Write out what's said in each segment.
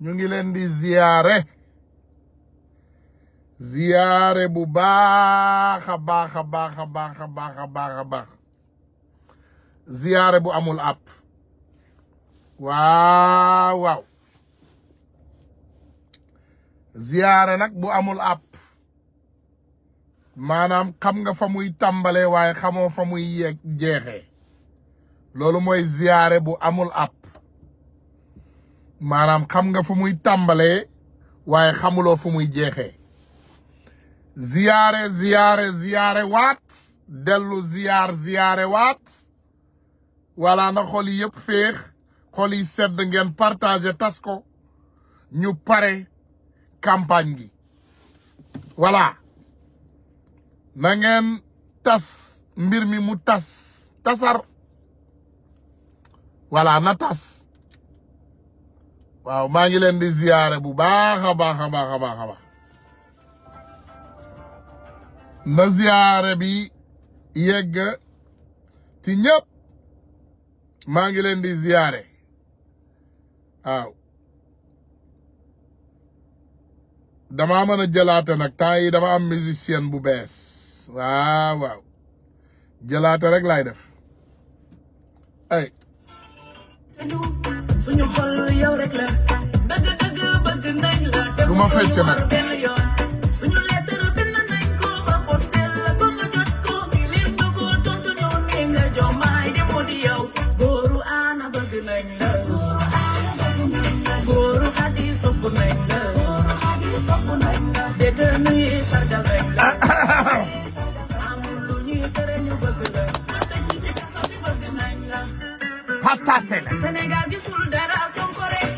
ñu ngi leen di ziyaare ziyaare bu baax a baax a baax a baax a baax a baax a baax ziyaare bu amul app waaw waaw ziyaare nag bu amul àpp maanaam xam nga fa muy tàmbalee waaye xamo fa muy yeeg jeexee loolu mooy ziyaare bu amul àpp maanaam xam nga fu muy tàmbalee waaye xamuloo fu muy jeexe ziyaare ziyaare ziyaare waat dellu ziyaar ziyaare waat wala na xol yi yëpp féex yi sedd ngeen partagé tasko ñu pare campagne gi voilà na ngeen tas mbir mi mu tas tasar voilà na tas waaw maa ngi leen di ziyaare bu baax a baax a baax a baax a na ziyaare bi yegg ci ñëp maa ngi leen di ziyaare dama mën a jëlaate nag temps yi dama am musicien bu bees waaw waaw jëlaate rek laay def ay suñu xol yow rek Pape Tassé la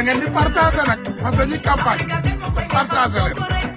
da ngeen di partager nag parce que ñu campagne partager leen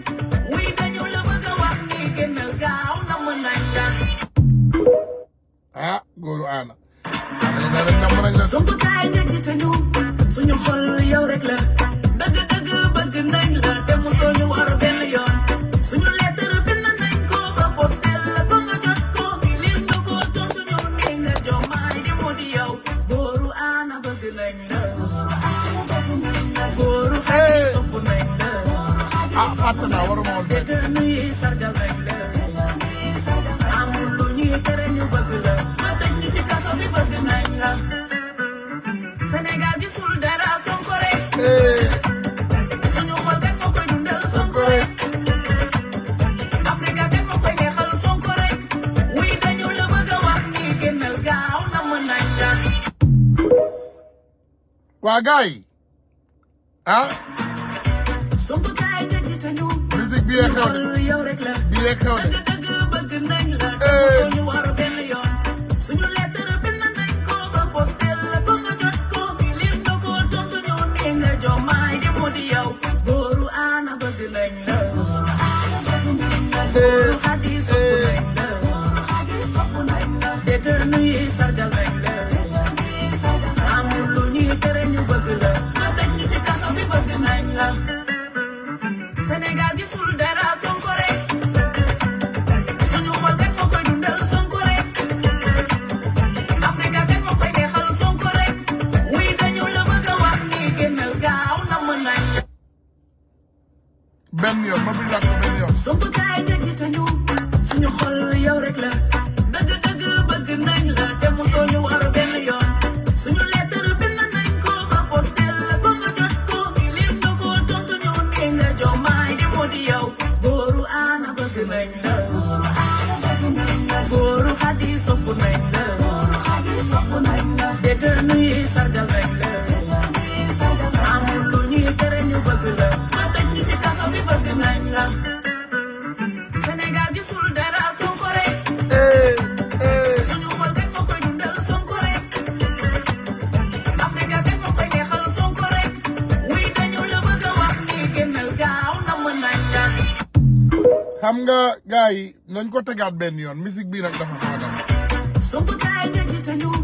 ah gars yi nañ ko tegaat benn yoon misik bii nag dafa ma def.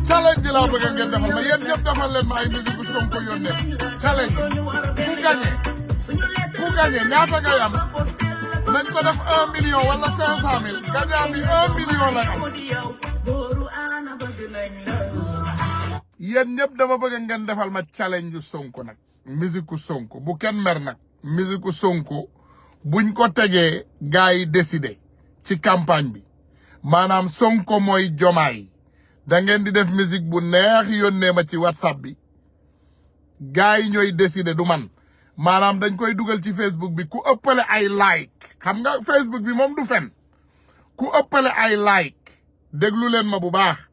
challenge laa bëgg a defal ma yéen ñëpp defal leen ma ay musique bu Sonko yónnee challenge ku gagné ku gagné ñaata ngay nañ ko def un million wala cinq cent mille gagnant bi la am. yéen ñëpp dama bëgg defal ma challenge yu Sonko nag. musique ku Sonko bu kenn mer nag. musique ku buñ ko tegee gars yi décidé ci campagne bi maanaam Sonko mooy jomaay da ngeen di def musique bu neex yónnee ma ci whatsapp bi gars yi ñooy décidé du man maanaam dañ koy dugal ci Facebook bi ku ëppale ay like xam nga Facebook bi moom du fen ku ëppale ay like déglu leen ma bu baax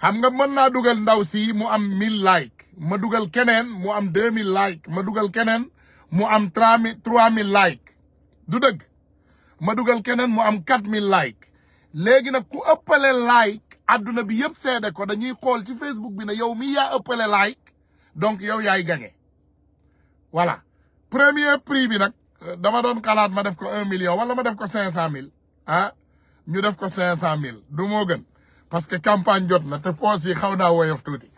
xam nga mën naa dugal ndaw si mu am 1000 like ma dugal keneen mu am 2000 like ma dugal keneen mu am 3000 3000 like du dëgg ma dugal keneen mu am 4000 like léegi nag ku ëppale like adduna bi yëpp seede ko dañuy xool ci Facebook bi ne yow mi yaa ëppale like donc yow yaay gagné voilà premier prix bi nag euh, dama doon xalaat ma def ko un million wala ma def ko cinq cent mille ah ñu def ko cinq cent mille du moo gën parce que campagne jot na te poos yi xaw naa woyof tuuti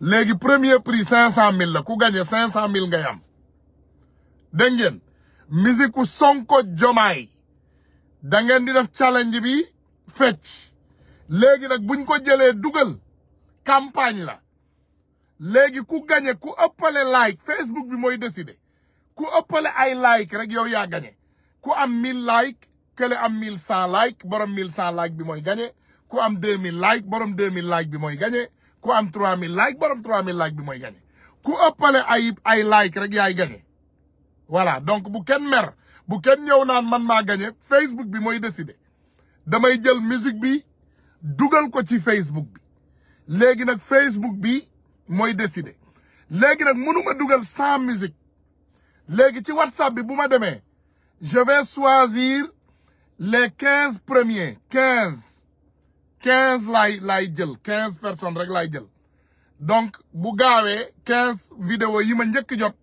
léegi premier prix cinq cent mille la ku gagné cinq cent mille ngay am dégg musique Sonko Jomaay da ngeen di def challenge bi fec léegi nag buñ ko jëlee dugal campagne la léegi ku gañe ku ëppale like Facebook bi mooy décider ku ëppale ay like rek yow yaa gañe ku am 1000 like kële am 1100 like borom 1100 like bi mooy gañe ku am 2000 like borom 2000 like bi mooy gañe ku am 3000 like borom 3000 like bi mooy gañe ku ëppale ay ay like rek yaay gañe Voilà. Donc, pour quelqu'un mère, si quelqu'un est venu à gagner, Facebook bi moy décidé. Je vais prendre la musique, bi, dougal ko ci Facebook. bi. Légui nak Facebook bi moy décidé. Légui nak munuma dougal sans musique. Légui ci WhatsApp bi buma démé, je vais choisir les 15 premiers, 15. 15 lay lay 15 personnes rek lay Donc bu gaawé 15 vidéos je ñëk jot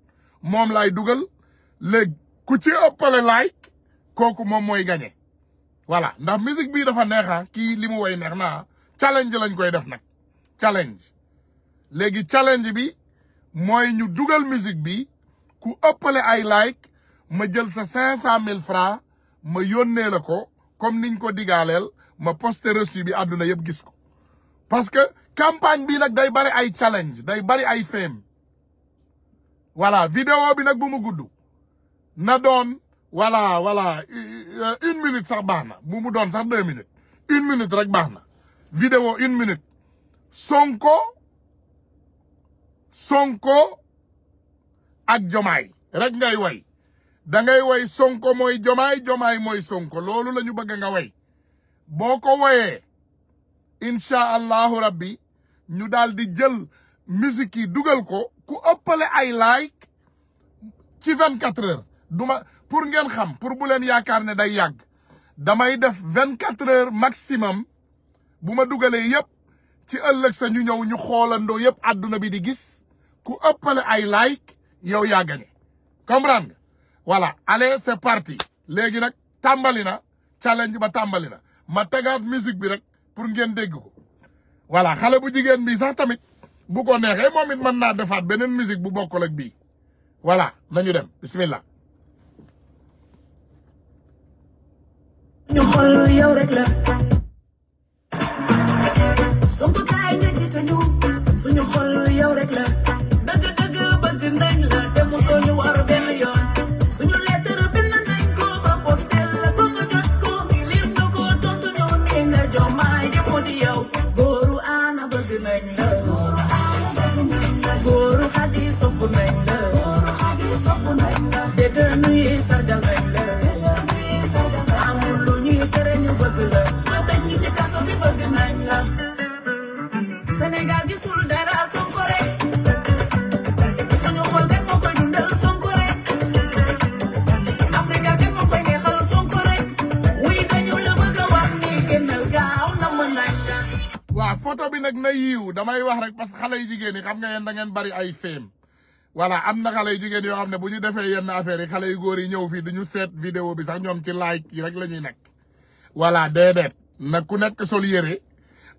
mom lay dougal léegi ku ci ëppale like kooku moom mooy gagné voilà ndax musique bii dafa neexa ah, kii li mu woy neex naa ah. challenge lañ koy def nag challenge léegi challenge bi mooy ñu dugal musique bi ku ëppale ay like ma jël sa cinq cent mille francs ma yónnee la ko comme niñ ko digaaleel ma poste reçu bi àdduna yëpp gis ko parce que campagne bi nag day bari ay challenge day bari ay fame voilà vidéo bi nag bu mu gudd na doon voilà voilà euh, une minute sax baax na bu mu doon sax deux minutes une minute rek baax na vidéo une minute sonko sonko ak jomaay rek ngay way dangay ngay way sonko mooy jomaay jomaay mooy sonko loolu lañu ñu nga way boo ko woyee incha allahu rabbi ñu daal di jël musique yi dugal ko ku ëppale ay like ci vingt quatre heures duma pour ngeen xam pour bu len yaakar ne day yag damay def 24 heures maximum buma dugale yep ci ëllëg sa ñu ñew ñu xolando yep aduna bi di gis ku ëppale ay like yow yaa gagné comprendre nga voilà allez c'est parti léegi nak tambalina challenge ba tambalina ma tagat musique bi rek pour ngeen dégg ko voilà xale bu jigen bi sax tamit bu ko nexé momit man na defat benen musique bu bokkul ak bi voilà nañu dem bismillah ñu xool lu yow rek la sonko kaay nga jiite ñu suñu xool lu yow rek la dëgg dëgg bëgg nañ la te mu soo ñu war benn yoon suñu lettre bind nañ ko ba postel la ko nga jot ko lim nga ko tontu ñu ne nga jomaay yi mu di yow góoru aana bëgg nañ la góoru xadi sopp nañ la détenu yi sargal ñu bëgg la ñu ci kaso bi bëgg nañ la Sénégal gisul dara Sonko rek suñu xool kenn moo koy dundal Sonko Afrika kenn moo koy neexal wuy dañu la a wax ni génnal gaaw na mën nañ la waaw photo bi nag na yiiw damay wax rek parce que xale yu jigéen yi xam nga yéen da ngeen bari ay féem voilà am na xale yu jigéen yoo xam ne bu ñu defee yenn affaires yi xale yu góor yi ñëw fii du ñu seet vidéo bi sax ñoom ci like yi rek la ñuy nekk voilà déedéet na ku nekk sol yére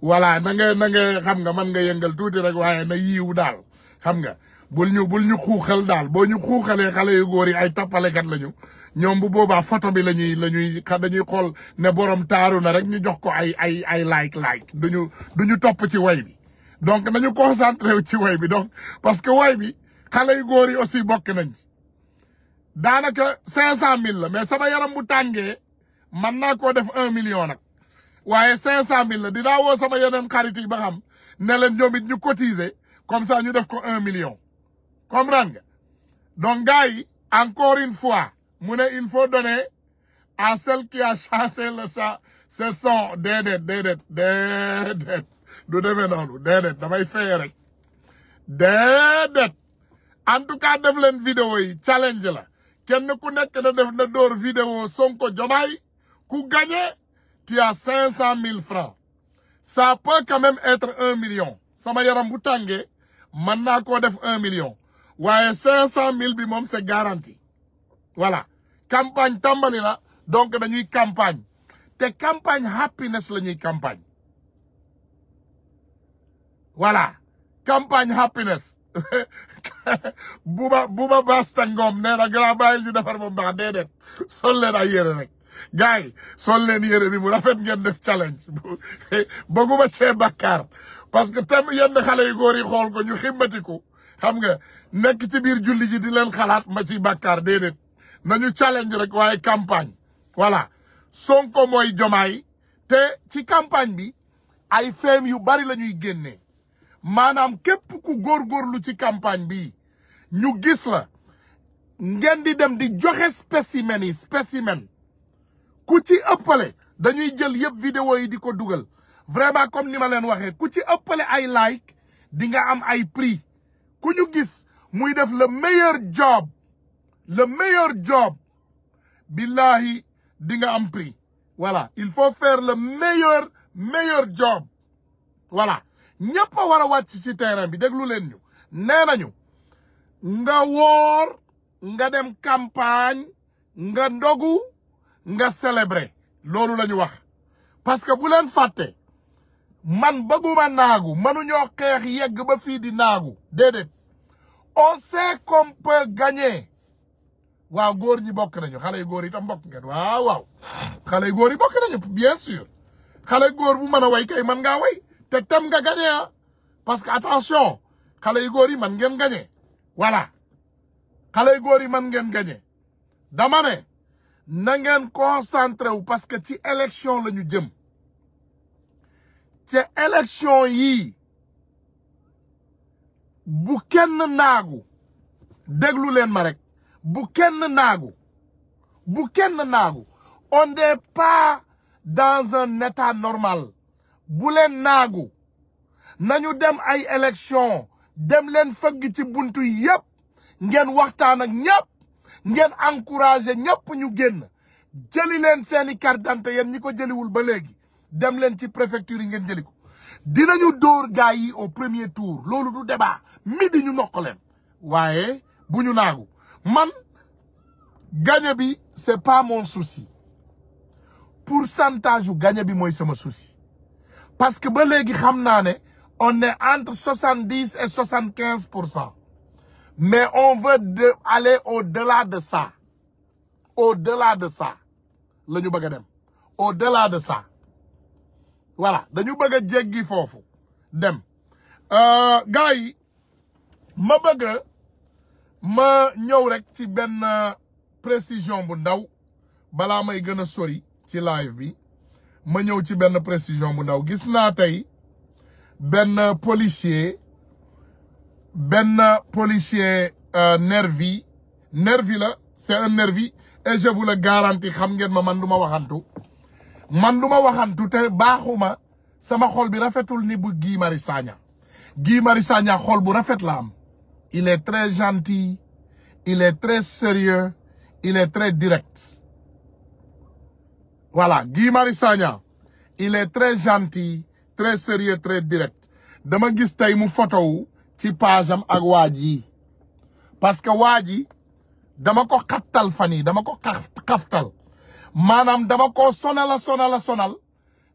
voilà na nga na xam nga mën nga yëngal tuuti rek waaye na yiiw daal xam nga bul ñu ñu xuuxal daal boo ñu xuuxalee xale yu góor yi ay tappalekat lañu ñoom bu boobaa photo bi la ñuy la ñuy dañuy xool ne borom taaru na rek ñu jox ko ay ay ay like like duñu duñu topp ci way bi donc nañu concentré wu ci way bi donc parce que way bi xale yu góor yi aussi bokk nañ ci daanaka cinq cent mille la mais sama yaram bu tàngee Maintenant na ko def 1 million nak waye cinq cent la sama xarit ba xam ne cotiser comme ça ñu def 1 million comprendre donc encore une fois mune il faut donner à celle qui a chassé le ça, ce son dedet dedet. du damay rek en tout cas def vidéo challenge la kenn ku na def na vidéo Sonko coup gagné, tu as 500 000 francs. Ça peut quand même être 1 million. Ça m'a dit, Mboutangé, maintenant qu'on def 1 million. Ouais, 500 000 bimom, c'est garanti. Voilà. Campagne tambalina, donc la nuit campagne. Tes campagnes happiness, la nuit campagne. Voilà. Campagne happiness. Bouba, bouba, bastangom, n'est-ce pas, grand-bail, lui, d'avoir bombardé, d'être, seul, là, hier, avec. gars yi sol leen yére bi mu rafet ngeen def challenge bëgguma cee bakkaar parce que tam yenn xale yu góor yi xool ko ñu ximmatiku xam nga nekk ci biir julli ji di leen xalaat ma ci bakkaar déedéet nañu challenge rek waaye campagne voilà Sonko mooy jomaay te ci campagne bi ay feem yu bari la ñuy génnee maanaam képp ku góorgóorlu ci campagne bi ñu gis la ngeen di dem di joxe spécimen yi spécimen ku ci ëppale dañuy jël yëpp vidéo yi di ko dugal vraiment comme ni ma leen waxee ku ci ëppale ay like dinga am ay prix ku ñu gis muy def le meilleur job le meilleur job billahi di nga am prix voilà il faut fair la meilleur meilleur job voilà ñëpp a war a ci terrain bi déglu leen ñu nee nañu nga woor nga dem campagne nga ndogu nga célébrer lolou lañu wax parce que bu len faté man nagu manu mënuñoo xex yegg ba fi di nagu dedet on sait qu'on peut gagner waaw gor ñi bok nañu xalé gor yi tam bok ngeen waaw waaw xalé gor yi bok nañu bien sûr xalé gor bu mën way kay man nga way te tam nga gagner hein ah. parce que attention xalé gor yi man ngeen gagner voilà xalé gor yi man ngeen gagner dama né na ngeen concentré parce que ci élection la ñu jëm ci élection yi bu kenn naagu déglu len ma rek bu kenn naagu bu kenn naagu on n'est pas dans un état normal bu len naagu nañu dem ay élection dem len feug ci buntu yépp ngeen waxtaan ak ñépp ngeen encouragé ñep ñu genn jëli leen seeni carte d'identité ñiko jëli wul ba légui dem leen ci préfecture yi au premier tour lolu du débat midi ñu nokk leen wayé man bi c'est pas mon souci pourcentage gagné bi moy souci parce que ba on est entre 70 et 75%. Mais on veut de aller au-delà de ça. Au-delà de sa La ñu bëgg a dem au-delà de sa voilà dañu bëgg a jéggi foofu dem euh, gars yi ma bëgg ma ñëw rek ci benn euh, précision bu ndaw balaa may gën a sori ci live bi ma ñëw ci benn précision bu ndaw gis naa tey benn euh, policier ben policier euh, nervi nervi là. c'est un nervi et je vous le garantis xam ngeen ma man du ma man ma te sama xol bi rafetul ni bu Guy Marius Guy xol bu rafet la il est très gentil il est très sérieux il est très direct voilà Guy Marissagna. il est très gentil très sérieux très direct dama gis tay mu photo ci paasam ak wadi parce que wadi dama ko xattal fani manam dama ko sonal manam dama ko sonal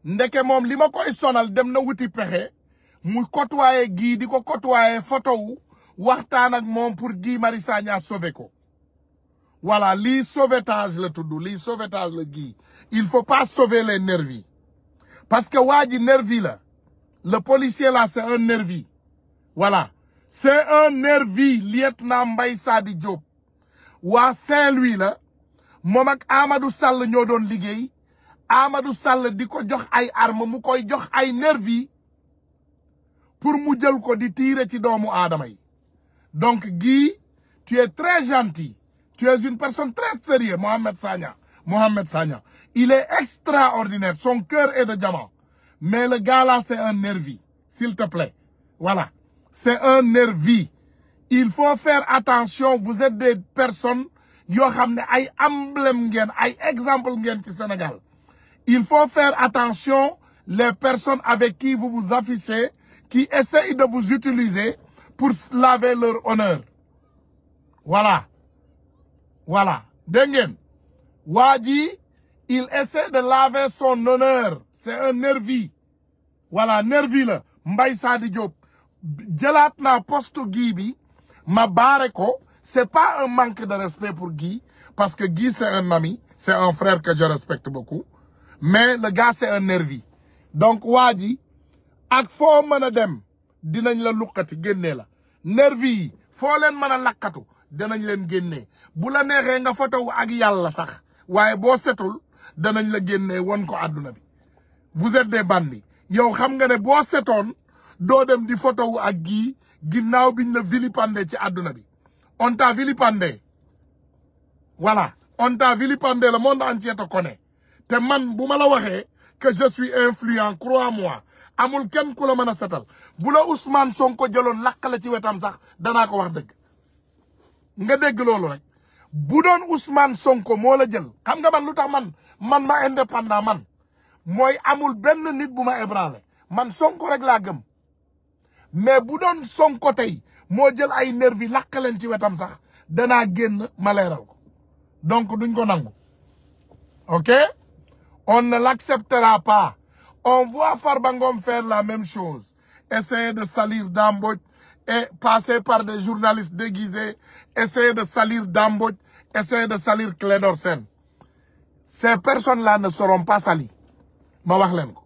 ndeke mom limako sonal dem na wuti pexé mu côtoyer gi diko ko côtoyer photo wu waxtan ak mom pour di Marius Sagna sauver ko voilà li sauvetage tout tudd li sauvetage le gi il faut pas sauver les nervis parce que wadi nervi la le policier là c'est un nervi voilà. C'est un nervi, lieutenant Bay Di Diop. à Saint-Louis là... Momak Amadou Sall ñoo doon liggéey Amadou Sall diko jox ay arme mu koy jox ay nervi pour mu jël ko di tiire ci doomu Adamay. donc Guy tu es très gentil tu es une personne très sérieuse Mohamed Sanya... Mohamed Sanya... il est extraordinaire son cœur est de diamant mais le gars là c'est un nervi s'il te plaît voilà c'est un nervi il faut faire attention vous êtes des personnes Vous ont exemple Sénégal il faut faire attention les personnes avec qui vous vous affichez qui essayent de vous utiliser pour laver leur honneur voilà voilà Dengen, Wadi, il essaie de laver son honneur c'est un nervi voilà nervi là. Mbaye Sadi Diop jëlaat na poste Guy bi ma baare ko c'est pas un manque de respect pour Guy parce que Guy c'est un ami c'est un frère que je respecte beaucoup mais le gars c'est un nervi donc waa ji ak fo meuna dem dinañ la la nervi fo len meuna lakatu a len danañ bu la neexee nga foto ak yalla sax waye bo setul danañ la génnee won ko aduna bi vous êtes des bandits yow xam nga ne bo do dem di photo wu ak gi ginnaw biñ la vilipande ci aduna bi on t'a vilipandé voilà on t'a vilipandé le monde entier te connaît te man buma la waxé que je suis influent crois-moi amul ken kou la mën a bu la Ousmane Sonko jëloon lakkale ci wetam sax dana ko wax dëgg nga dégg lolu rek bu doon Ousmane Sonko mo la jël xam nga man lutax man man ma indépendant man moy amul ben nit buma Ebrale, ébranlé man Sonko rek la gëm mais bu son côté tey moo jël ay nervi yi lakk ci wetam sax dana génn ma donc duñ ok on ne l'acceptera pas on voit Farbangom faire la même chose essayer de salir Dambot, et passer par des journalistes déguisés essayer de salir Dambot, essayer de salir Clédor ces personnes-là ne seront pas salies ma wax len ko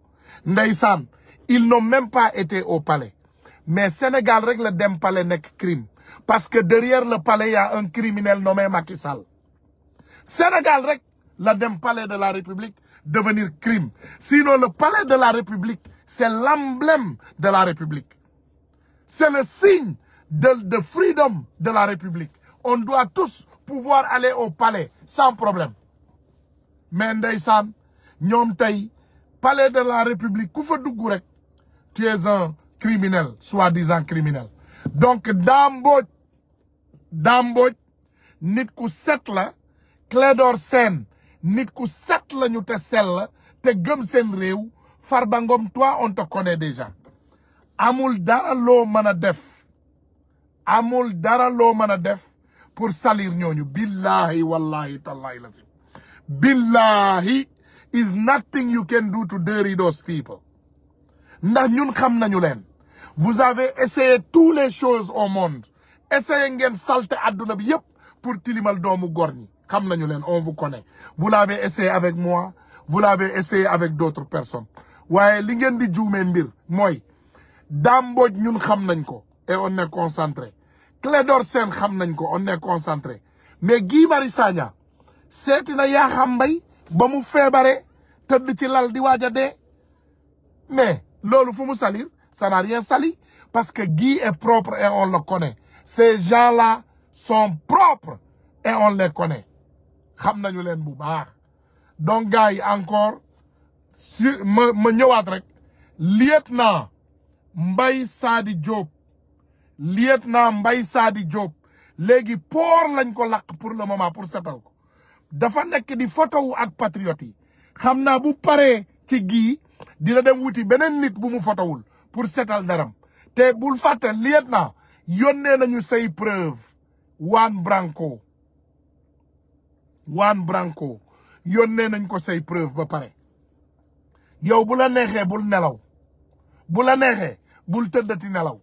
ils n'ont même pas été au palais mais Sénégal règle le dem palais crime parce que derrière le palais il y a un criminel nommé Macky Sall Sénégal règle le dem palais de la République devenir crime sinon le palais de la République c'est l'emblème de la République c'est le signe de freedom de la République on doit tous pouvoir aller au palais sans problème mais Sam palais de la République Gourek, tu es un criminels, soi-disant criminels. donc Dame Mbodj Dame Mbodj nit ku set la Clédor Sène nit ku set la ñu te sella te gëm seen réew far Ngom toi on te connaît déjà amul dara loo mën a def amul dara loo mën def pour salir ñooñu billahi wallahi tallahi lazim billahi is nothing you can do to dirty those people ndax ñun xam nañu leen vous avez essayé toutes les choses au monde Essayez de salté adduna pour tilimal doomu Gorni. on vous connaît vous l'avez essayé avec moi vous l'avez essayé avec d'autres personnes Vous li ngeen di moi, mbir que et on est concentré Clédor sen Setina on est concentré mais Guy Marius c'est na ba mu mais fu mu ça n'a rien sali. Parce que Guy est propre et on le connaît. Ces gens-là sont propres et on les connaît. donc Guy encore si ma lieutenant Sadi Diop lieutenant Sadi Diop lañ ko pour le moment pour dafa di photo ak patriote bu ci dem wuti nit bu mu pour setal deram te bul fàtte lieutenant yónnee nañu sey preuve Juan Branco Juan Branco yónnee nañ ko sey preuve ba pare yow bu la neexee bul nelaw bu la neexee bul tëddati nelaw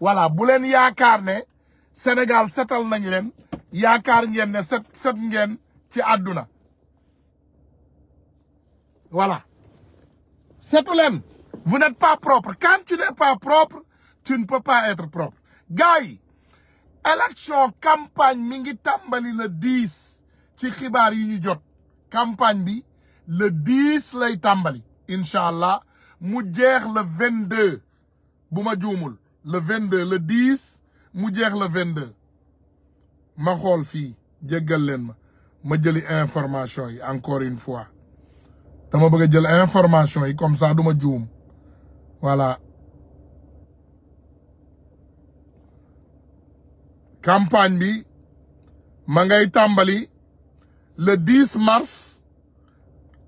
voilà bu leen yaakaar ne Sénégal setal nañ leen yaakaar ngeen ne set set ngeen ci àdduna voilà setu leen Vous n'êtes pas propre. Quand tu n'es pas propre, tu ne peux pas être propre. Gaï, élection campagne mi le 10 ci xibar yi campagne bi le 10 lay tambali. Inshallah, mu jeex le 22 bu ma le 22 le 10 mu jeex le 22 ma xol le information yi encore une fois dama bëgg jël information comme ça du voilà campagne bi Tambali, le 10 mars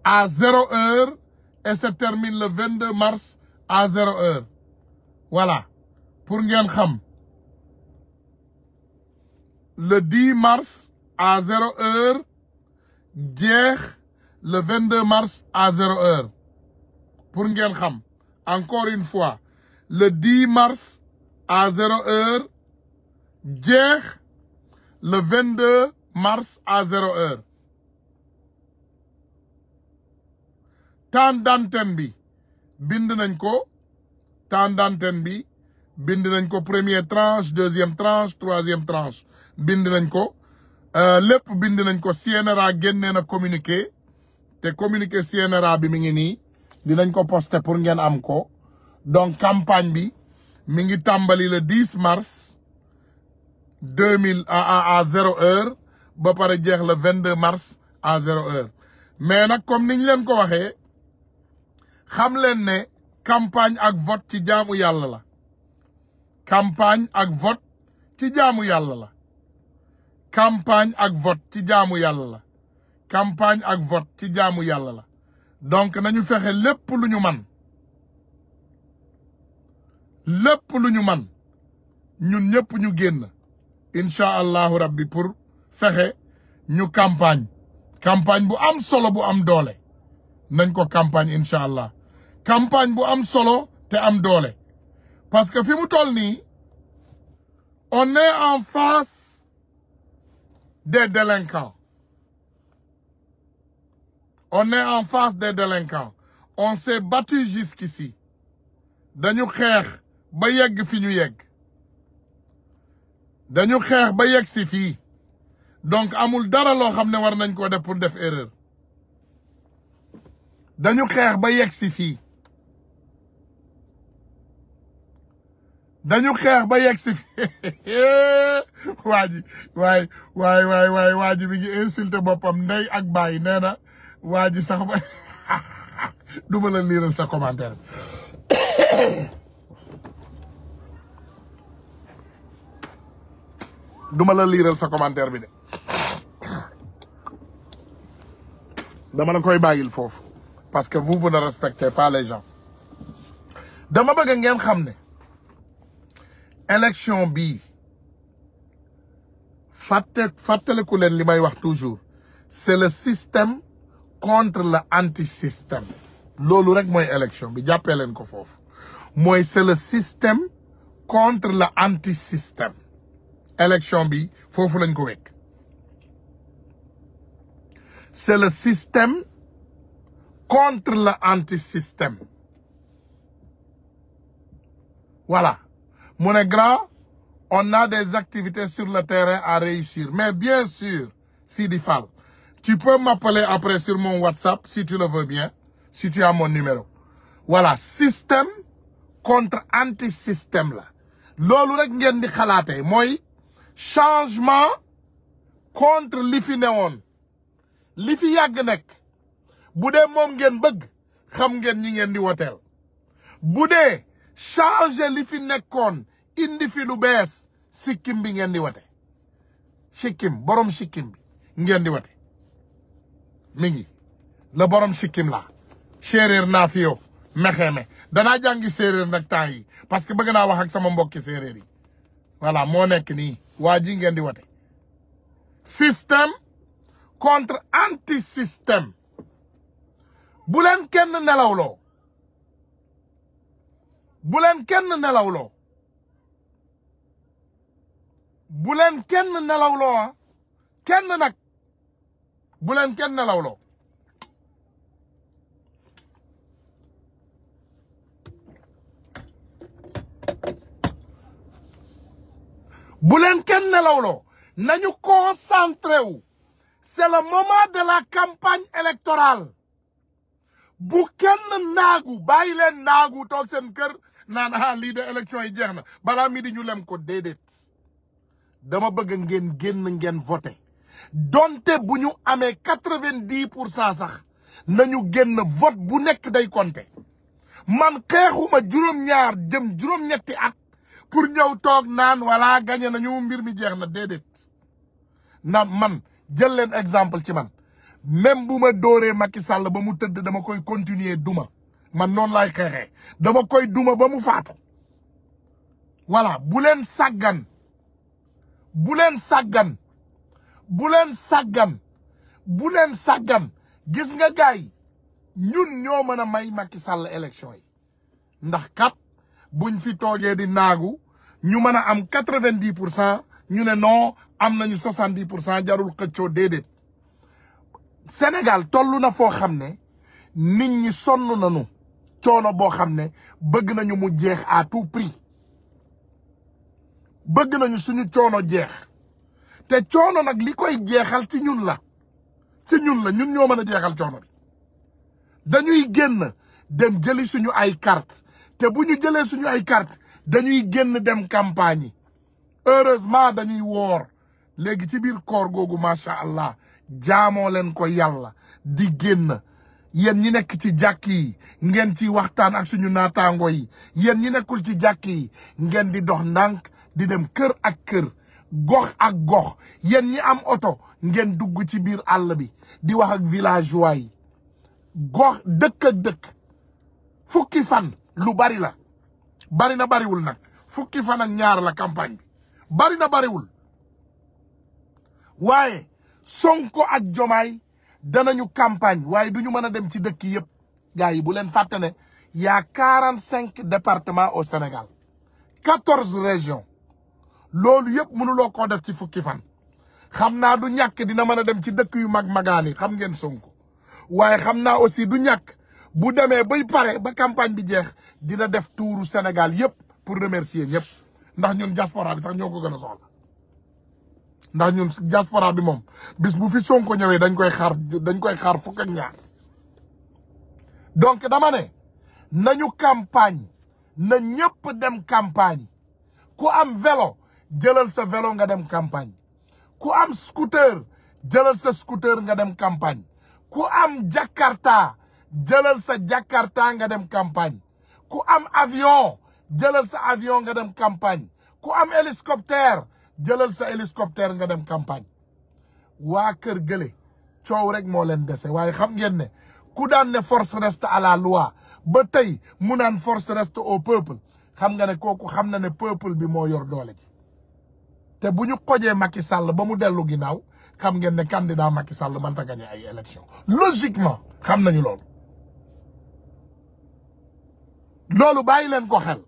à 0 heure et se termine le 22 mars à 0 heure voilà pour le 10 mars à 0 heure Dieh, le 22 mars à 0 heure pour encore une fois, le 10 mars à 0 heure, le 22 mars à 0 heure. Tandantenbi, d'antenne bi bind première tranche deuxième tranche troisième tranche bind Lep ko Siena euh, bind nañ communiqué te communiqué bimingini. dinañ ko poster pour ngeen am ko donc campagne bi mi ngi tambali le 10 mars 2000 à à 0h ba paré jeex le 22 mars à 0h mais nak comme niñ leen ko waxé xam leen né campagne ak vote ci jaamu yalla la campagne ak vote ci jaamu yalla la campagne ak vote ci jaamu yalla la campagne ak vote ci jaamu yalla la donc nañu fexe lépp lu ñu man lépp lu ñu man ñun ñëpp ñu génn incha allahu rabbi pour fexe ñu campagne campagne bu am solo bu am doole nañ ko campagne incha allah campagne bu am solo te am doole parce que fi mu toll nii on est en face des délinquants On est en face des délinquants. On s'est battu jusqu'ici. dañu xeex ba yegg fi ñu yegg dañu xeex ba yegg si donc amul dara lo xam war nañ ko def pour def erreur dañu xex ba yexi fi. dañu xex ba yexi fi. fii way, way, way, way, waay waay waa ji mi ngi insulté boppam ndey ak baay nee wadi ji sax ba du la lire sa commentaire bi la lire sa commentaire bi de dama la koy bàyyil foofu parce que vous vous ne respectez pas les gens dama beug ngeen xam élection bi fatte fàttaliku leen len may wax toujours c'est le système contre le système rek moy élection bi ko c'est le système contre le système élection bi ko c'est le système contre le système voilà Mon on a des activités sur le terrain à réussir mais bien sûr Sidi Fall tu peux m'appeler après sur mon WhatsApp si tu le veux bien, si tu as mon numéro. Voilà, système contre anti-système là. Lolo rek ngeen di changement contre l'IFI fi L'IFI yag nek. Boudé. mom bu ngeen bëgg xam ngeen ñi ngeen di changer l'IFI indi fi lu sikim bi di borom sikim bi di Mingi, le borom sikim la serer na fi yo mexeme Pas jangi serer nak tan yi parce que beug na wax ak sama mbokki serer yi voilà mo nek ni waji ngeen di wate system contre anti system bu len kenn nelawloo bu len kenn nelawloo bu len kenn nelawloo ah. kenn nak bu leen bu leen kenn nelawloo nañu concentré wu c'est le moment de la campagne électorale bu naagu bàyyi leen naagu toog seen kër naan ah lii de élection yi jeex na balaa mi di ñu lem ko déedéet dama bëgg ngeen génn ngeen voté donte bu ñu amee quatre vingt di pour cent sax nañu génn vote bu nekk day compter man xeexuma juróom-ñaar jëm juróom-ñetti at pour ñaw toog naan wala gagné nañu mbir mi jeex na déedéet na man jël leen exemple ci man même bu ma dooree makki Sall ba mu tëdd dama koy continuer duma man noonu lay xeexee dama koy duma ba mu faatu voilà bu leen sàggan bu leen sàggan bulen sagam bulen sagam gis nga gay ñun ñoo mëna may Macky Sall élection yi ndax kat buñ fi toogee di nagu ñu mëna am 90% non am nañu 70% jarul xëccio déedéet Sénégal tollu na fo xam nit ñi sonn nañu coono bo xam bëgg nañu mu jeex à tout prix bëgg nañu suñu coono jeex te coono nag li koy jeexal ci ñun la ci ñun la ñun ñoo mën a jeexal coono bi dañuy génn dem jëli suñu ay carte te bu ñu jëlee suñu ay carte dañuy génn dem campagne yi heureusement dañuy woor léegi ci biir koor googu macha allah jaamoo leen ko yàlla di génn yéen ñi nekk ci jàkk yi ngeen ci waxtaan ak suñu naataango yi yéen ñi nekkul ci jàkk yi ngeen di dox ndànk di dem kër ak kër gox ak gox yen ñi am auto ngeen dugg ci biir all bi di wax ak villageois yi gox dekk ak dëkk fukki fan lu bari la bari na wul nak fukki fan ak ñaar la campagne bari na wul waye Sonko ak jomay danañu campagne waye duñu mëna dem ci dekk yépp gaay yi bu len fàtte ne y a départements au Sénégal 14 régions loolu yep mënuloo ko def ci fukki fan xamna du ñak dina mëna dem ci dëkk yu mag magani xam ngeen Sonko waye xamna aussi du ñak bu démé bay pare ba campagne bi jeex dina def touru Sénégal yep. pour remercier ñep ndax ñun diaspora bi sax ñoko gëna gën soxla ndax ñun diaspora bi mom bis bu fi Sonko ñëwé dañ koy xaar dañ koy xaar fukk ak ñaar donc dama né nañu campagne na ñëpp dem campagne ku am vélo jëlal sa vélo nga dem campagne ku am scooter jëlal sa scooter nga dem campagne ku am jakarta jëlal sa jakarta nga dem campagne ku am avion jëlal sa avion nga dem campagne ku am hélicoptère jëlal sa hélicoptère nga dem campagne waa kër gële coow rek moo leen dese waaye xam ngeen ne ku daan ne force reste à la loi ba tey mu naan force reste au peuple xam nga ne kooku xam na ne peuple bi moo yor doole ji te bu ñu xojee Macky sàll ba mu dellu ginnaaw xam ngeen ne candidat Macky Sall mënta gagné ay élection logiquement xam nañu loolu loolu bàyyi leen ko xel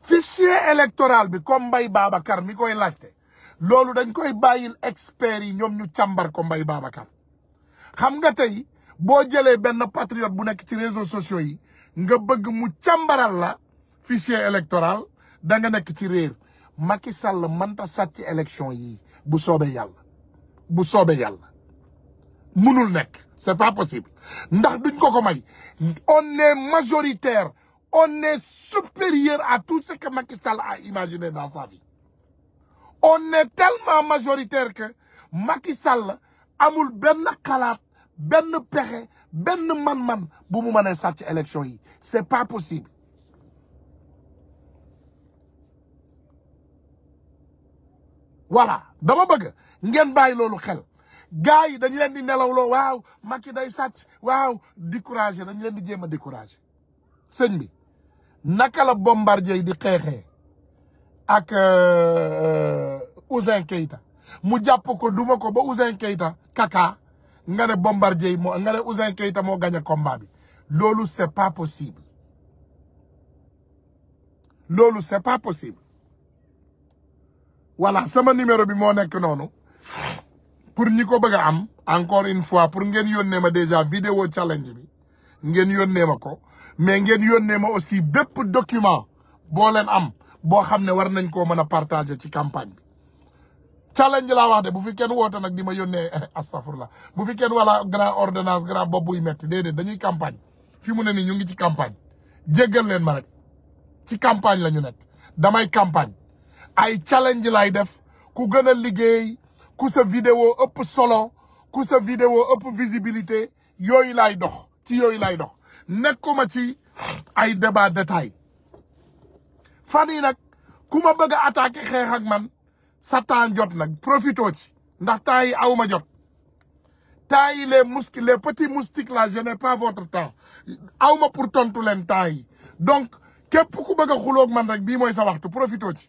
fichier électoral bi comme Mbaye Babacar mi koy laajte loolu dañ koy bàyyil experts yi ñoom ñu càmbar ko Mbaye Babacar xam nga tey boo jëlee benn patriote bu nekk ci réseaux sociaux yi nga bëgg mu càmbaral la fichier électoral da nga nekk ci réer Macky Sall pas sàcc élection yi bu sobe yalla bu sobe yalla mënul nek c'est pas possible ndax duñ ko ko may on est majoritaire on est supérieur à tout ce que Macky Sall a imaginé dans sa vie on est tellement majoritaire que Macky Sall amul ben xalaat ben pexe ben man-man bu mu élection yi c'est pas possible voilà dama bëgg ngeen bàyyi loolu xel gars yi dañ leen di nelawloo waaw Macky day sàcc waaw découragé dañ leen di jéem a découragé sëñ bi naka la bombardier di xeexee ak euh, euh, Ouzin Keita mu jàpp ko duma ko ba Ouzin Keita kaka nga ne bombardier moo nga ne Ouzin Keita moo gagné combat bi loolu c'est pas possible loolu c'est pas possible voilà sama numéro bi moo nekk noonu pour ñi ko bëgg am encore une fois pour ngeen yónnee ma déjà vidéo challenge bi ngeen yónnee ma ko mais ngeen yónnee ma aussi bépp document boo leen am boo xam ne war nañ koo mën a partager ci campagne bi challenge laa wax de bu fi kenn woote nag di ma yónnee a astafurla bu fi kenn wala grand ordonnance grand bopp buy metti déedéet dañuy campagne fi mu ne nii ñu ngi ci campagne jéggal ma rek ci campagne la ñu nekk damay campagne ay challenge lay def ku gën a liggéey ku sa vidéo ëpp solo ku sa vidéo ëpp visibilité yooyu laay dox ci yooyu laay dox nekkuma ci ay débat détail fan yi nag ku ma bëgg a attaqué ak man sa temps jot nag profitoo ci ndax temps yi awma jot temps yi les mousques les petits moustiques là je n'ai pas votre pour tontu leen temps yi donc képp ku bëgg a xuloog man rek bii mooy sa waxtu profitoo ci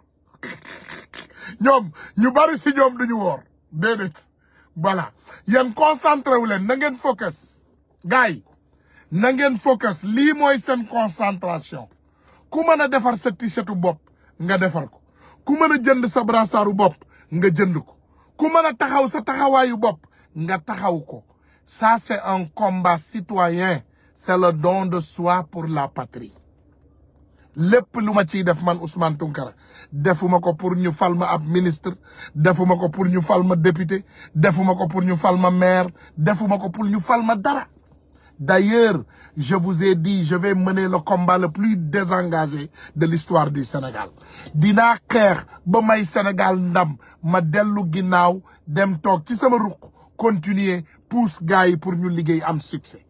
ñom ñu bari si ñom duñu wor dedet voilà yeen concentré wu len na ngeen focus guy, na ngeen focus limoisen moy sen concentration ku meuna défar sa t-shirtu bop nga défar ko ku meuna jënd sa brassardu bop nga jënd ko ku meuna taxaw sa taxawayu bop nga taxaw ko ça c'est un combat citoyen c'est le don de soi pour la patrie lepp luma ci def man Ousmane Tunkara defuma ko pour ñu fal ma ab ministre defuma pour ñu fal ma député defuma pour ñu fal ma maire defuma pour ñu fal ma dara d'ailleurs je vous ai dit je vais mener le combat le plus désengagé de l'histoire du Sénégal dina xex ba may Sénégal ndam ma delu ginnaaw dem tok ci sama continuer pousse gaay pour ñu liguey am succès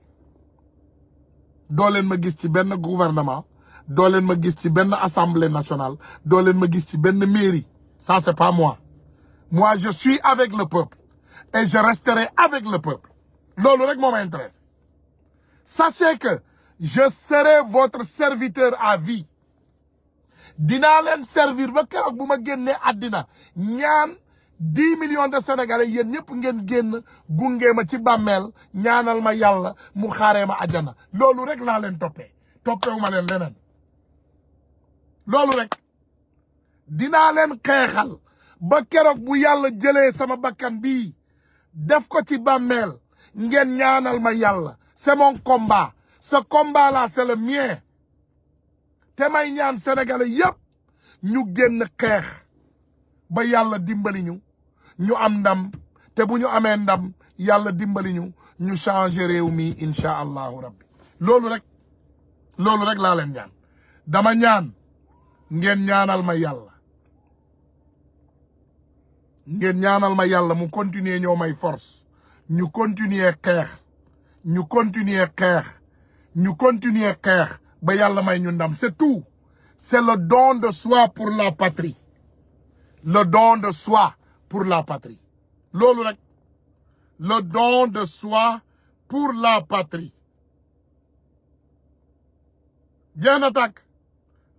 do len ma gis ci gouvernement doo le ma gis ci assemblée nationale doo le ma gis ci mairie ça c'est pas moi moi je suis avec le peuple et je resterai avec le peuple C'est rek qui m'intéresse sachez que je serai votre serviteur à vie Dina l'en servir ba keroog bu ma génnee ñaan dix millions de sénégalais yéen ñëpp ngeen génn gungee ma ci bàmmeel ñaanal ma yàlla mu xaaree ma àjjana loolu rek laa leen toppee toppewu ma loolu rek dinaa leen xeexal ba keroog bu yàlla jëlee sama bakkan bii def ko ci bàmmeel ngeen ñaanal ma yàlla c'est mon combat ce combat là mien te may ñaan sénégalais yëpp ñu génn xeex ba yàlla dimbali ñu ñu am ndam te bu ñu amee ndam yàlla dimbali ñu ñu changer réew mi incha allahu rabbi loolu rek loolu rek laaleen leen ñaan dama ñaan ngeen ñaanal ma yalla ngeen ñaanal ma yalla mu continuer ñoo force ñu continuer à ñu continuer xex ñu continuer xex ba à may ñu ndam c'est tout c'est le don de soi pour la patrie le don de soi pour la patrie le don de soi pour la patrie bien attaque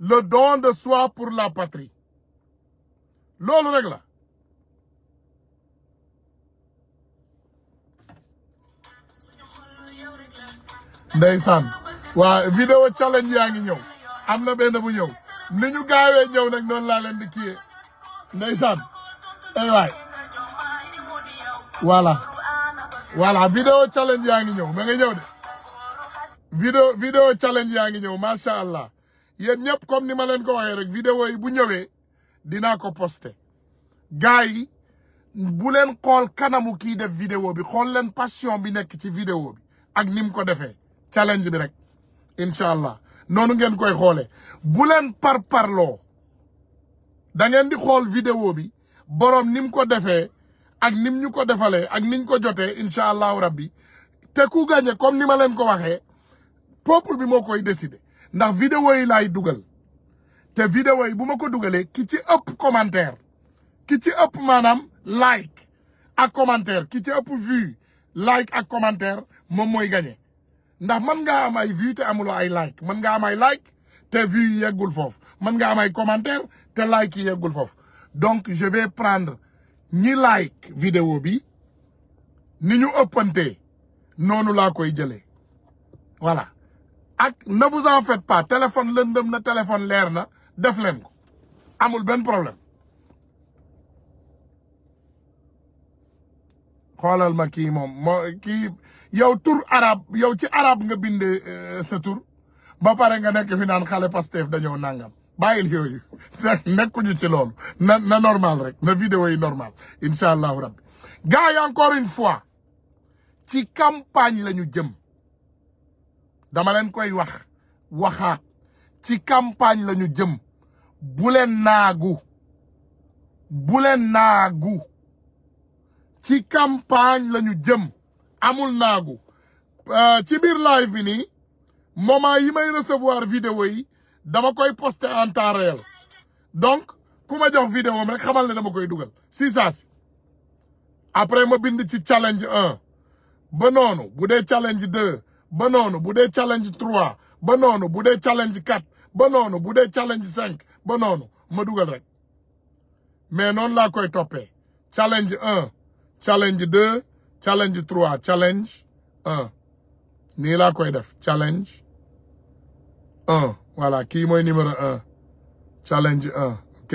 le don de soi pour la patrie loolu rek la ndeysaan waa vidéo challenge yaa ngi ñëw am na benn bu ñëw ni gaawee ñëw nag noonu laa leen di kiyee ndeysaan ay waay voilà voilà vidéo challenge yaa ngi ñëw ma nga ñëw de vidéo vidéo challenge yaa ngi ñëw macha allah yéen ñëpp comme ni ma leen ko waxee rek vidéo yi bu ñëwee dinaa ko poster gars yi bu leen xool kanamu kii def vidéo bi xool leen passion bi nekk ci vidéo bi ak ni mu ko defee challenge bi rek incha allah noonu ngeen koy xoolee bu leen par parloo da ngeen di xool vidéo bi borom ni mu ko defee ak ni mu ñu ko defalee ak niñ ko jotee incha allahu rabbi te ku gagné comme ni ma leen ko waxee peuple bi moo koy décider ndax vidéo yi lay dugal té vidéo yi buma ko dugalee ki ci ëpp commentaire ki ci ëpp manam like ak commentaire ki ci ëpp vue like ak commentaire mom moy gagné ndax man nga am ay vue té amulo ay like man nga am ay like té vue yi fof man nga am ay commentaire té like yi fof donc je vais prendre ñi like vidéo bi ni ñu ëppantee noonu laa koy jëlé voilà ak ne vous en faites pas téléphone lëndëm na téléphone leer na def leen ko amul ben problème xoolal ma kii moom yow tur arab yow ci arab nga bindee euh, sa tour. ba pare nga nek fi nan khale Pastef dañoo nangam bàyyil Nek nekkuñu ci loolu na na normal rek na vidéo yi normal incha rabbi gars encore une fois ci campagne la ñu dama leen koy wax waxaat ci campagne lañu jëm bu leen naagu bu leen naagu ci campagne lañu jëm amul naagu euh, ci biir live bi nii moment yi may recevoir vidéo yi dama koy poster en temps réel donc ku ma jox vidéo am rek xamal ne dama koy dugal si saa si après ma bind ci challenge en ba noonu bu dee challenge deux ba noonu bu dee challenge trois ba noonu bu dee challenge quatre ba noonu bu dee challenge cinq ba noonu ma dugal rek mais noonu laa koy toppee challenge un challenge deux challenge trois challenge un nii laa koy def challenge un voilà kii mooy numéro un challenge un ok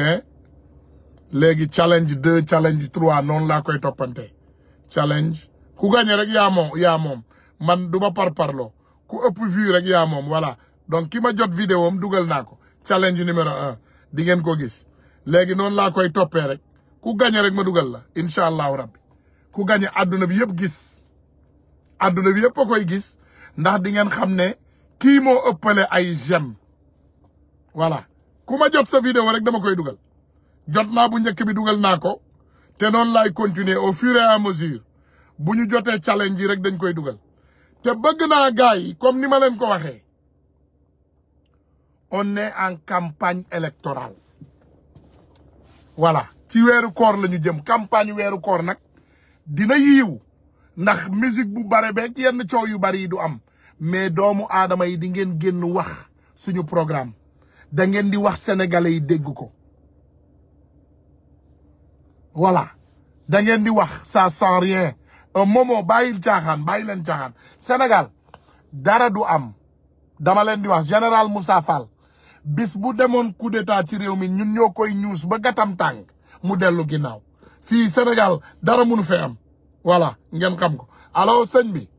léegi challenge deux challenge trois noonu laa koy toppante challenge ku gagné rek yaa moom yaa moom man du ma parparloo ku ëpp vue rek yaa moom voilà donc ki ma jot vidéo am dugal naa ko challenge numéro un di ngeen ko gis léegi noonu laa koy toppee rek ku gañe rek ma dugal la incha allahu rabbi ku gañe àdduna bi yëpp gis àdduna bi yëpp a koy gis ndax di ngeen xam ne kii moo ëppale ay j'aime voilà ku ma jot sa vidéo rek dama koy dugal jot naa bu njëkk bi dugal naa ko te noonu laay continuer au fur et mesure bu ñu jotee challenge yi rek dañ koy dugal te bëgg na gaay comme ni ma leen ko waxé on est en campagne électorale voilà ci wéru koor lañu jëm campagne wéru koor nak dina yiiw ndax musique bu bare bék yenn ciow yu bari du am mais doomu aadama yi di ngeen genn wax suñu programme da ngeen di wax sénégalais yi dégg ko voilà da ngeen di wax ça sans rien Euh, moomoo bàyyil caaxaan bàyyi leen caaxaan Sénégal dara du am dama leen di wax général Moussa Fall bis bu demoon coup d'état ci réew mi ñun ñoo koy ñuus ba gatam tàng mu dellu ginnaaw fii Sénégal dara mënu fee am voilà ngeen xam ko alo sëñ bi.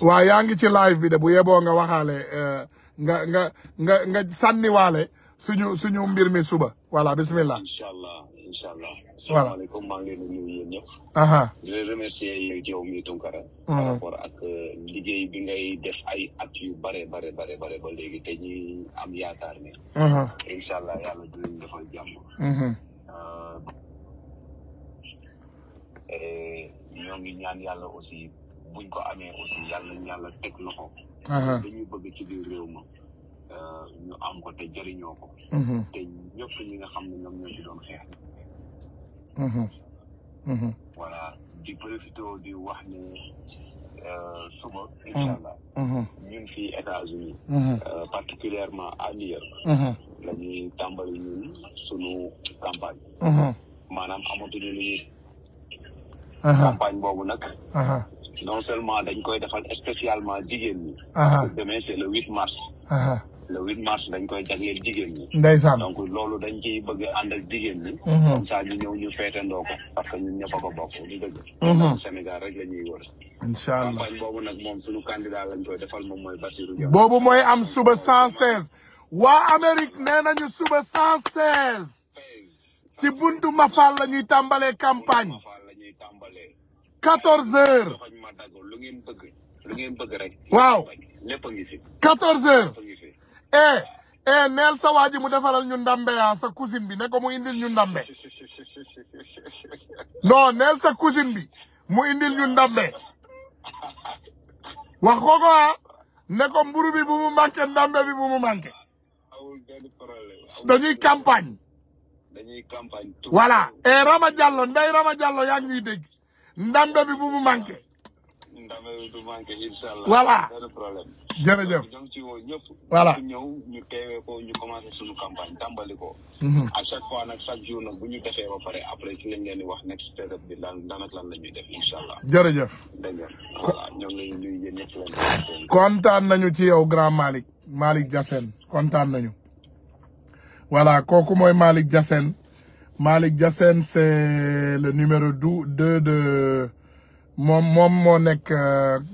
waaw c'est yaa ngi ci live bi de bu yeboo nga waxaale euh, nga nga nga nga sànniwaale suñu suñu mbir mi suba wala bismillah. allah incha allah. voilà salaamaaleykum maa ngi leen di nuyu yéen ñëpp. di leen remercier yow mi Tounkara. Mm. par rapport ak euh, liggéey bi ngay def ay at yu bare bare bare bare ba léegi te ñuy am yaakaar ne. Mm-hmm. allah yàlla defal jàmm. Mm-hmm. Euh, eh, ngi ñaan yàlla aussi buñ ko amee aussi yàlla ñu yàlla teg loxo. dañuy bëgg ci biir réew euh, am ko te jëriñoo ko. Mm-hmm. te ñëpp ñi nga xam ne ñoo ci doon Mm-hmm. Mm-hmm. voilà di profité di wax ne euh, suba. Mm-hmm. incha allah. ñun fii États-Unis. Euh, particulièrement à New York. la ñuy tàmbali sunu campagne. maanaam amatuñu ni. Uh-huh. campagne boobu nag. Uh-huh. non seulement dañ koy defal spécialement jigéen ñi. Uh-huh. parce que demain c'est le huit mars. le huit mars dañ koy jagleel jigéen ñi. ndeysaan donc loolu dañ ciy bëgg a àndal jigéen ñi. Mhm. comme ça ñu ñëw ñu feetandoo ko parce que ñun ñëpp a bokk ñu dëgg. Mhm. Sénégal rek la ñuy wër. boobu nag moom suñu candidat lañ koy defal moom mooy Bassirou Diomaye. boobu mooy am suba 116. waa Amérique nee nañu suba 116. ci buntu Mafal la ñuy tàmbalee campagne. 14 heures. lu ngeen bëgg rek. waaw 14 heures. eh eh neel sa waa ji mu defaral ñu ndambe sa cousine bi ne ko mu indil ñu ndambe neel sa cousine bi mu indil ñu ndambe wax ko ko ah. mburu bi bu mu manqué ndambe bi bu mu manqué dañuy campagne dañuy campagne voilà eh Rama Diallo Ndeye Rama Diallo yaa ngi dégg ndambe bi bu mu manqué ndam du manqué incha allah. voilà benn problème. jërëjëf ñoo ngi ci woo ñu teewee ko ñu commencé suñu campagne tàmbali a mhm. à chaque fois nag chaque jour nag bu ñu defee ba pare après ci lañ leen di wax next step bi lan lan ak lan la ñuy def incha allah. jërëjëf. dégg nga voilà ñoo ngi lay nuyu yéen ñëpp lañ. kontaan nañu ci yow grand Malick Malick Diassène kontaan nañu. voilà kooku mooy Malick Diassène Malick Diassène c'est le numéro deux de. Mon mon euh,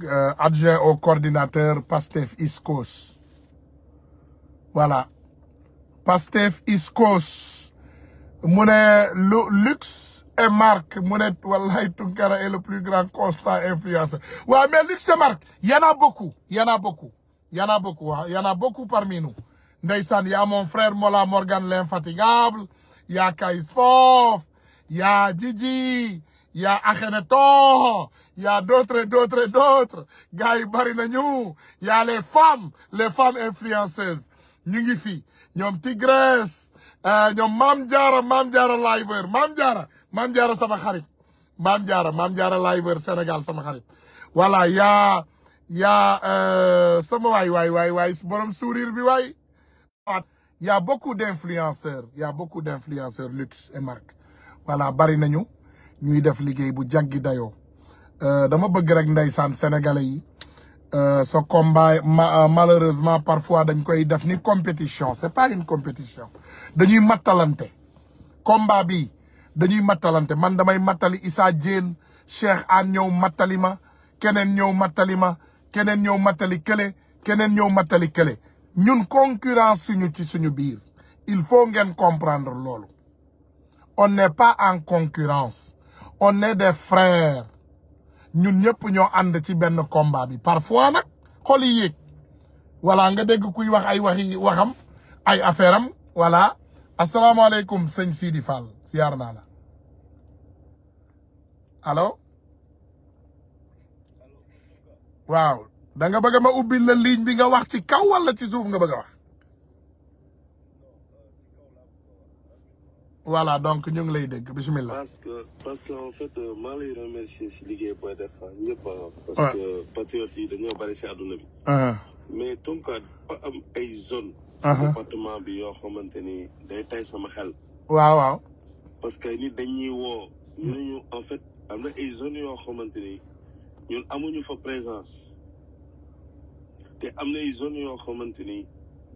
euh, adjoint au coordinateur Pastef Iskos. voilà Pastef Iskos. Mon luxe luxe et marque. Mon wallahi Tunkara est le plus grand constant influenceur ouais, mais luxe et marque, il y en a beaucoup y en a beaucoup y en a beaucoup Il hein. y en a beaucoup parmi nous Il y a mon frère Mola Morgan l'infatigable Il y a Kaïs Fof y a Djidji il y a Akhenaton, il y a d'autres, d'autres, d'autres. Gaï Barinanyou, il y a les femmes, les femmes influenceuses. Nyungifi, Nyom Tigresse, Nyom euh, Mamdjara, Mamdjara Liver, Mamdjara, Mamdjara Samakharit, Mamdjara, Mamdjara Liver, Sénégal Voilà, il y a, il y a, euh, Wai, Wai, Wai, Borom Il y a beaucoup d'influenceurs, il y a beaucoup d'influenceurs luxe et marque. Voilà, Barinanyou ñuy def liggéey bu jaggi des euh, dama bëgg rek sénégalais yi ce euh, combat euh, malheureusement parfois dañ koy def ni compétition c'est pas une compétition dañuy matalanté combat bi dañuy matalanté man damay matali Issa Diène Cheikh des des ñun concurrence suñu ci suñu il faut ngeen comprendre lolu on n'est pas en concurrence on est des frères ñun ñëpp ñoo ànd ci benn combat bi parfois nag xol yi yéeg nga dégg kuy wax ay waxi waxam ay affaire am voilà asalaamaaleykum sëñ siidi Fall siyaar naa la allo waaw da nga bëgg ma ubbil la ligne bi nga wax ci kaw walla ci suuf nga bëgg a wax voilà donc ñu ngi lay dégg bisimilah. parce que parce que en fait euh, maa lay remercier si liggéey booy def ah, ñëpp ah, parce que patriotes dañoo bari si àdduna bi. Uh-huh. mais Tonka am ay zone si uh-huh. département bi yoo xamante ni day tay sama xel. waaw waaw. parce que nit dañuy woo. ñu ne ñu en fait am na ay zones yoo xamante ni ñun amuñu fa présence te am na ay zones yoo xamante ni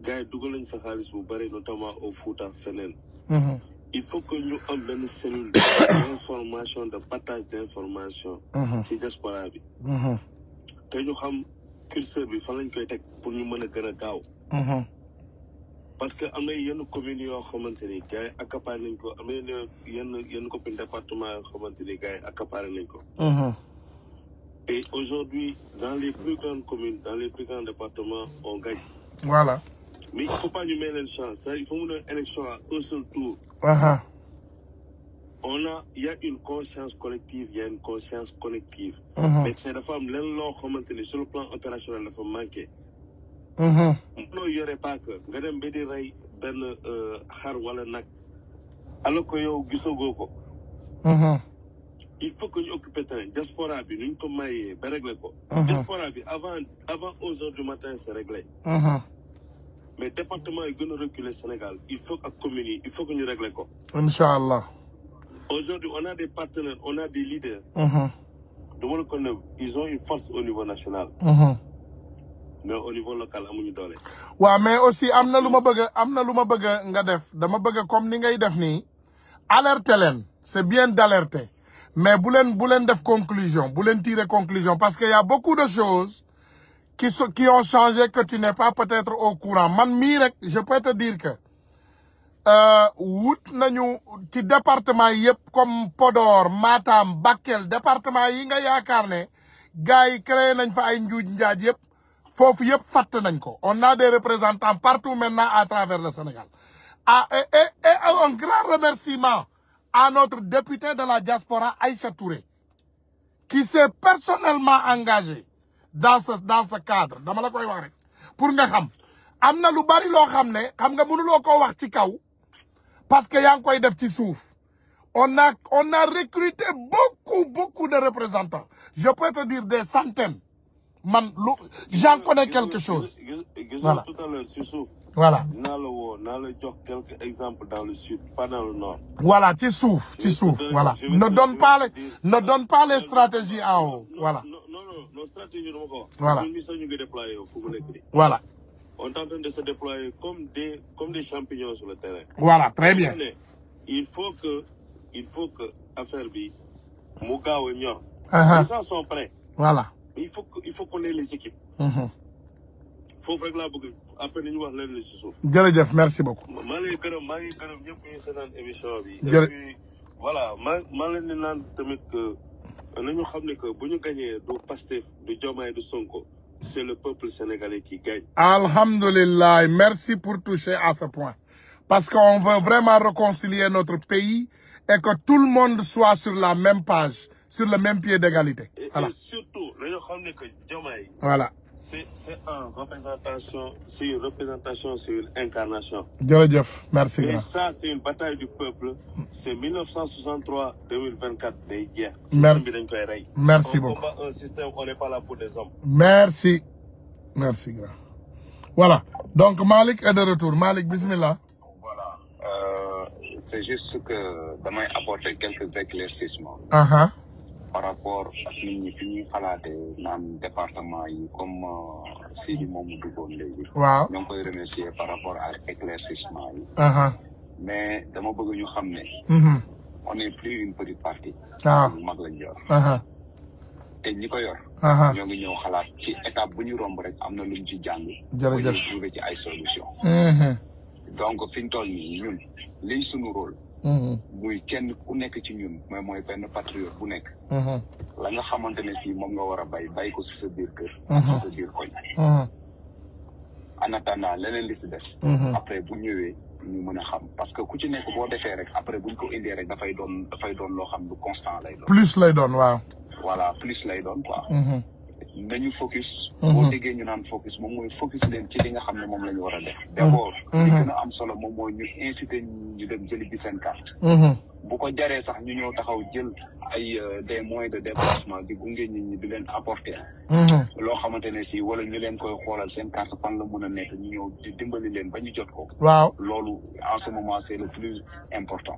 gars yi dugal nañ fa xaalis bu bari notamment au Fouta feneen. Uh-huh. il faut que nous avons benn cellule d'information de partage d'information mhm. c'est juste pour Que mhm. ñu xam curseur bi fan lañ koy teg pour nous mën à la a mhm. parce que nous na commune communes yoo xamante à gars yi accaparé nañ ko commune département yoo xamante ni gars yi et aujourd'hui dans les plus grandes communes dans les plus grands départements on gagne voilà mais il ne faut pas nous mettre une chance. Il faut une élection à un seul tour. Uh-huh. On a, il y a une conscience collective, il y a une conscience collective. Uh-huh. Mais c'est la femme, l'un l'autre commenté sur le plan opérationnel, la femme manquée. Uh-huh. Non, il n'y aurait pas que. Mme Bédiray, Ben Har euh, Walanak, alors que yo Il faut que nous occupions le terrain. Diaspora, nous sommes maillés, nous réglons. Diaspora, avant, avant 11h du matin, c'est réglé mais le département est venu reculer au Sénégal il faut que il faut que nous régler ko. aujourd'hui on a des partenaires on a des leaders. Mm-hmm. ils ont une force au niveau national. Mm-hmm. mais au niveau local amuñu doole. Oui, mais aussi amna luma bëgg a am bëgg nga def dama bëgg comme ni ngay def ni. alerter c'est bien d'alerter mais bu leen bu def conclusion bu tirer conclusion parce qu'il y a beaucoup de choses qui, qui ont changé que tu n'es pas peut-être au courant man je peux te dire que euh, wut nañu ci département yep comme Podor Matam Bakel département yi nga yaakaar ne gars créé nañ fa ay ont njaaj yëpp fofu nañ ko on a des représentants partout maintenant à travers le Sénégal ah et un grand remerciement à notre député de la diaspora Aïcha Touré qui s'est personnellement engagé dans ce cadre pour lu xam parce que def ci on a on a recruté beaucoup beaucoup de représentants je peux te dire des centaines j'en connais quelque chose voilà voilà voilà ci ci voilà ne donne pas les ne donne pas les stratégies en haut voilà non, non, nos stratégies, voilà. Voilà. On est en train de se déployer comme des, comme des champignons sur le terrain. Voilà, très bien. Il faut que, il faut que, affaire Mouga ou uh-huh. les gens sont prêts. Voilà. Il faut, il faut qu'on ait les équipes. Il faut que merci beaucoup. Voilà, nous savons que que bu ñu le du de du et du Sonko c'est le peuple sénégalais qui gagne. alhamdulillah merci pour toucher à ce point parce qu'on veut vraiment réconcilier notre pays et que tout le monde soit sur la même page sur le même pied d'égalité voilà et surtout nous savons que djomay voilà c'est représentation c'est une représentation c'est une incarnation. jërëjëf merci. et ça c'est une bataille du peuple. c'est 1963 2024 des guerres. merci beaucoup on un système on n'est pas là pour des hommes. merci merci grand. voilà donc Malik est de retour Malik, bismillah. voilà euh, c'est juste que demain apporter quelques éclaircissements. uh par rapport ak nit ñi fi ñuy xalaatee naan département yi comme euh, Sidi moomu duggoon léegi. waaw ñoo ngi koy remercier par rapport ak éclaircissement yi. Uh-huh. mais dama bëgg ñu xam ne. Mm-hmm. on est plus une petite partie. waaw ah. mag lañ yor. Uh-huh. te ñi ko yor. Uh-huh. ñoo ñëw xalaat ci étape bu ñu romb rek am na lu ñu ci jàng. jërëjëf bu ci ay solution mm-hmm. donc fi ñu toll nii ñun liy sunu Mm-hmm. muy kenn ku nekk ci ñun mooy mooy benn patriote bu nekk mm-hmm. la nga xamante ne si moom nga war a bay bay ko si sa biir kë mm-hmm. ak sa biir koñ en attendant leneen li si des après bu ñëwee ñu mën a xam parce que ku ci nekk boo defee rek après buñ ko indee rek dafay doon dafay doon loo xam lu constant lay doon plus lay doon waaw voilà plus lay doon quoi nañu focus. Mhm. boo déggee ñu naan focus moom mooy focus leen ci li nga xam ne moom la ñu a def. Mhm. d' abord mhm. a am solo moom mooy ñu inciter dem jëli ci seen ko jaree sax ñu ñëw taxaw jël ay euh, des moyens de déplacement di gunge nit di leen apporter. loo xamante ne si wala ñu leen koy xoola seen carte fan la mën nekk ñu ñëw di dimbali leen ba ñu ko. waaw loolu en ce le plus important.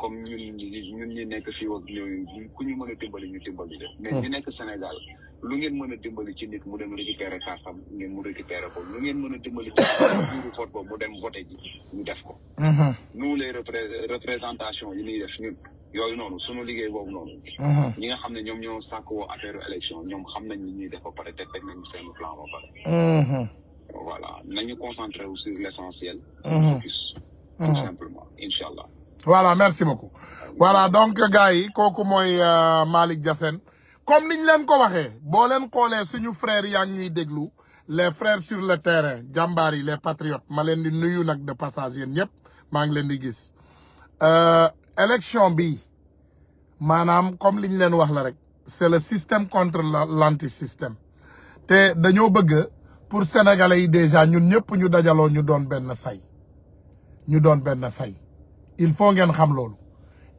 comme ñun ñun ñi nekk fi wax ku ñu mën a dimbali ñu dimbali de mais hmm. ñu nekk Sénégal lu ngeen mën a dimbali ci nit mu dem récupéré kartam ngeen mu récupéré ko lu ngeen mën a dimbali ci jouru vote ko mu dem voté ji ñu def ko hmm. nous les représentation yi ñuy def ñun yooyu noonu sunu liggéey boobu noonu. Hmm. ñi nga xam ne ñoom ñoo sàkkoo affaire élection ñoom xam nañ li ñuy def ba pare te teg nañ seen plan ba pare. voilà nañu concentré wu sur l' essentiel. focus. tout simplement incha allah. voilà merci beaucoup voilà donc gars yi kooku mooy euh, Malick Diassène comme niñ leen ko waxee boo leen xoolee suñu frères yaa ñuy déglu les frères sur le terrain jàmbaar yi les patriotes ma leen di nuyu nag de passage yen ñëpp maa ngi leen di gis. Euh, élection bi maanaam comme liñ leen wax la rek c'est le système contre l'antisystème te dañoo bëgg pour sénégalais yi déjà ñun ñëpp ñu dajaloo ñu doon benn say ñu doon benn say. il faut ngeen xam lolu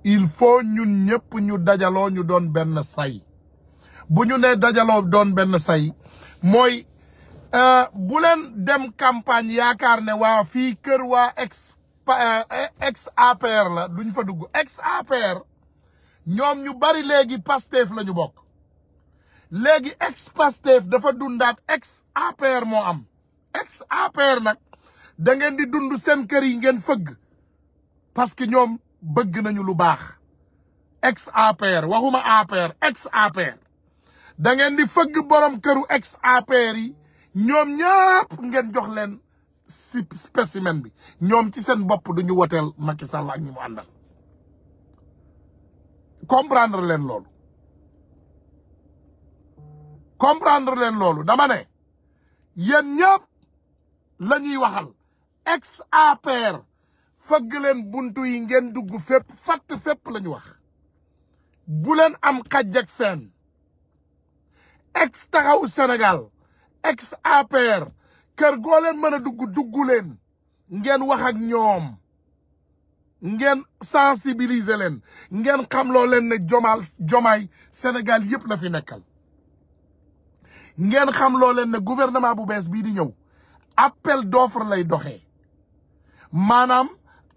il faut ñun ñepp ñu dajalo ñu doon ben say bu ñu doon ben say euh bu len dem campagne yaakar wa wa fi keur wa ex euh, ex APR la duñ fa dugg ex APR ñom ñu bari légui Pastef la bok légui ex Pastef dafa dundat ex APR mo am ex APR nak da ngeen di dund sen keur yi ngeen feug parce que ñom bëgg nañu lu baax ex APR waxuma APR ex APR da ngeen di fëgg borom këru ex APR yi ñom ñëpp ngeen jox leen spécimen bi ñom ci seen bopp duñu wotel Macky Sall ak ñi mu àndal comprendre leen lool comprendre leen lool dama ne yeen ñepp lañuy waxal ex APR fëgg len buntu yi ngeen dugg fep fat fep lañ wax bu len am xaj ak ex taxaw Senegal ex APR kër mana len meuna dugg dugg len ngeen wax ak ñoom ngeen sensibiliser len ngeen lo len ne jomal jomay senegal yep la fi nekkal ngeen lo len ne gouvernement bu bes bi di ñew appel d'offre lay doxé manam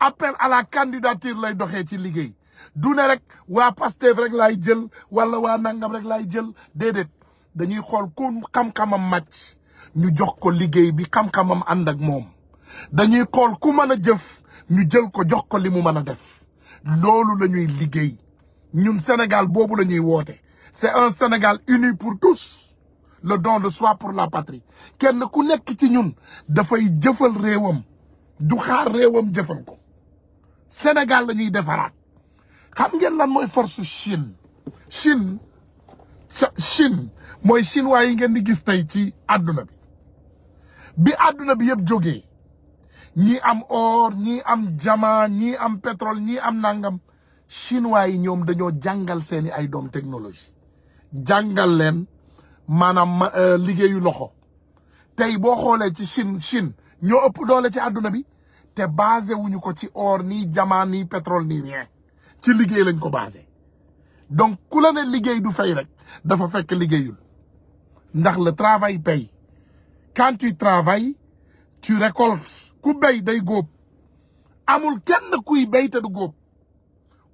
appel à la candidature lay doxee ci liggéey du ne rek waa Pastef rek laay jël wala waa nangam rek laay jël déedéet dañuy xool ku xam-xamam màcc ñu jox ko liggéey bi xam-xamam ànd ak moom dañuy xool ku mën a jëf ñu jël ko jox ko li mu mën a def loolu la ñuy liggéey ñun Sénégal boobu la ñuy woote c'est un Sénégal uni pour tous le don de soi pour la patrie kenn ku nekk ci ñun dafay jëfal réewam du xaar réewam jëfal ko Sénégal la ñuy defaraat xam ngeen lan mooy force Chine Chine Chine mooy chinois yi ngeen di gis tey ci àdduna bi bi àdduna bi yëpp jógee ñii am or ñii am jama ñii am petrol ñii am nangam chinois yi ñoom dañoo jàngal seeni ay doom technologie jàngal leen maanaam euh, liggéeyu loxo tey boo xoolee ci Chine Chine ñoo ëpp doole ci àdduna bi te basé wuñu ko ci or nii ni nii pétrole nii rien ci liggéey lañ ko basé donc ku la ne liggéey du fay rek dafa fekk liggéeyul ndax le travail paye quand tu travailles tu récoltes ku béy day góob amul kenn kuy béy te du góob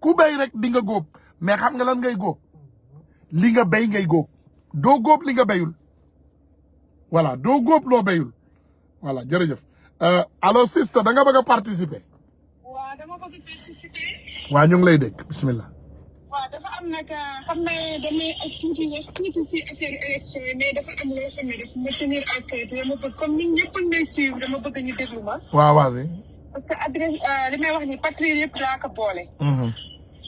ku béy rek di nga góob mais xam nga lan ngay góob li nga béy ngay góob doo góob li nga béyul voilà doo góob loo béyul voilà jërëjëf Euh, allo sister da nga a participer. waaw dama lay dëkk bismillah. waaw dafa am nag euh, xam nga damay tuuti yi mais dafa am loo xam ne daf ma tenir à cœur dama bëgg ñu déglu waaw vas-y. parce que adresse euh, li wax ni patriote yëpp laa ko boole. Mhm.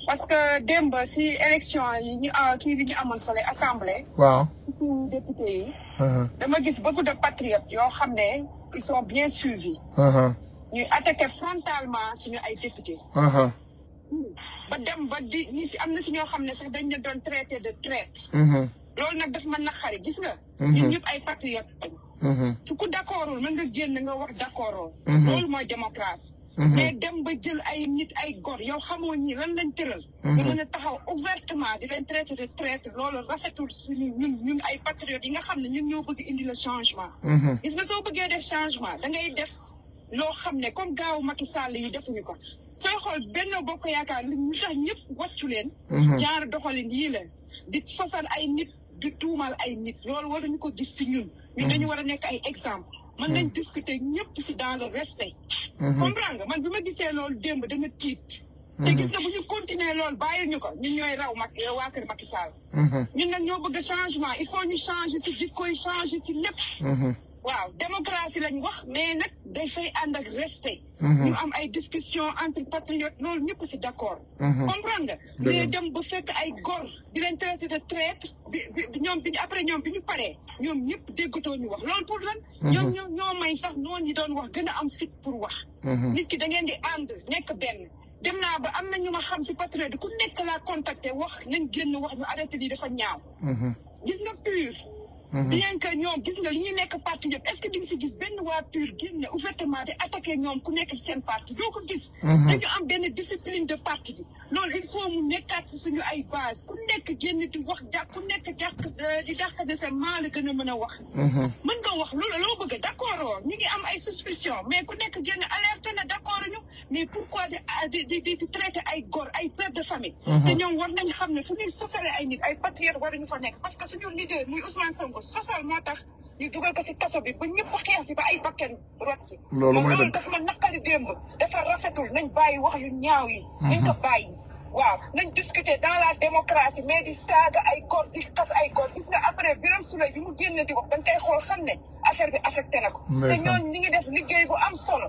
parce que démb si élection yi ñu kii bi ñu amoon fële assemblée. waaw si député yi. Mhm. dama gis beaucoup de patriotes yoo xam ne. ils sont bien suivis. Uh-huh. ñuy attaqué frontalement suñu ay député. Uh-huh. ba dem ba am na si ñoo xam ne sax dañ ne doon traité de traite. Uh-huh. loolu nag daf ma naqari gis nga. ñun ñëpp ay patriotes lañ. su ku génn nga wax d'accordoo. loolu mooy démocratie. Mhm. mais dem ba jël ay nit ay gor yow xamoo ñi lan lañ tëral. Mhm. nga mën a taxaw ouvertement di leen traité de traître loolu rafetul suñu ñun ñun ay patriotes yi nga xam ne ñun ñoo bëgg indi le changement. Mhm. gis nga soo bëggee de changement da ngay def loo xam ne comme gaaw Macky Sall yi defuñu ko sooy xool benn bokk yaakaar lu tax ñëpp wàccu leen. genre doxalin yii la di sosal ay nit di tuumal ay nit loolu waruñu ko gis si ñun. ñun dañu war a nekk ay exemple man nañ hmm. discuter ñëpp si dans le respect. Hmm. comprendre nga man bi ma gisee loolu démb dama tiit. Hmm. te gis nga bu ñu continuer loolu bàyyi ñu ko ñun ñooy raw ma euh, waa kër Macky Sall. ñun nag ñoo bëgg changement il faut ñu changer si jikko yi changer si lépp. la démocratie lañ wax mais ne day fay respect. Mhm. ñu am des discussion entre patriotes nous ñëpp pas d'accord. Mhm. comprendre mais dem ba fekk ay di traité de après nous, nous, nous, ñu wax pour nous, nous, nous, may sax nous, ñi nous, wax nous, am pour mhm. nous, avons da ngeen nous, nous, nous, nous, nous, nous, xam nous, ku nous, nous, wax génn wax nous, Mhm. bien que ñoom gis nga li ñuy nekk parti yëpp est-ce que di nga si gis benn waa PUR génne ouvertement di attaqué ñoom ku nekk ci seen parti doo ko gis mhm. dañu am benn discipline de parti bi loolu il faut mu nekkaat si suñu ay base ku nekk génn di wax da ku nekk dàq euh, di dàq de seen maa la gën a mën a wax mhm. mën nga wax loolu loo bëgg d'accord ñu ngi am ay suspicion mais ku nekk génn alerte na d'accord ñu mais pourquoi di ah, di di di traiter ay góor ay père de famille te ñoom war nañ xam ne fu ñuy sosalee ay nit ay patriotes war ñu fa nekk parce que suñu leader muy Ousmane Sonko sosal moo tax ñu dugal ko si kaso bi ba ñëpp xeex si ba ay bakken rot si. loolu mooy dëgg dafa ma naqari démb dafa nañ bàyyi wax yu ñaaw yi. Mhm. nañ ko bàyyi. waaw nañ discuter dans la démocratie mais di saaga ay góor di xas ay góor gis nga après Birame Souleye bi mu génn di wax dañ koy xool xam ne affaire bi affecté na ko. te ñooñu ñu def liggéey bu am solo.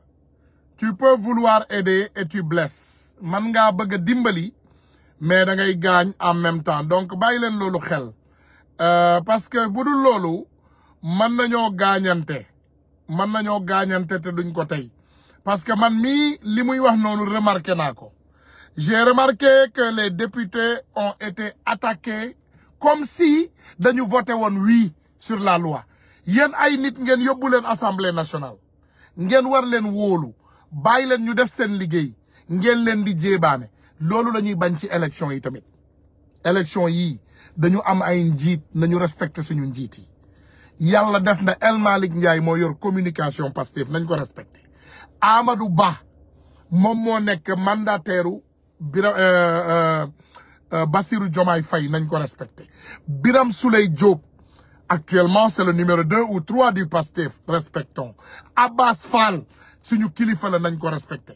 tu peux vouloir aider et tu blesses man nga bëgg dimbali mais da ngay gaañ en même temps donc bàyyi leen loolu xel euh, parce que bu lolu man mën gañanté. Man mën gañanté té duñ ko tay. parce que man mi limuy wax nonu remarqué nako. j'ai remarqué que les députés ont été attaqués comme si dañu voté won oui sur la loi Yen ay nit ngeen yóbbu assemblée nationale ngeen war leen wóolu bàyyi leen ñu def seen liggéey ngeen leen di jéebaane loolu la ñuy bañ ci élection yi tamit élection yi dañu am ay njiit nañu respecté suñu njiit yi yàlla def na El Malick Ndiaye moo yor communication Pastef nañ ko respecté Amadou Ba moom moo nekk mandataire Bira euh, euh, euh, Bassirou Diomaye fay nañ ko respecté biram Souleye Diop actuellement c'est le numéro deux ou trois du Pastef respectons Abbas Fall suñu kilifa la nañ ko respecter.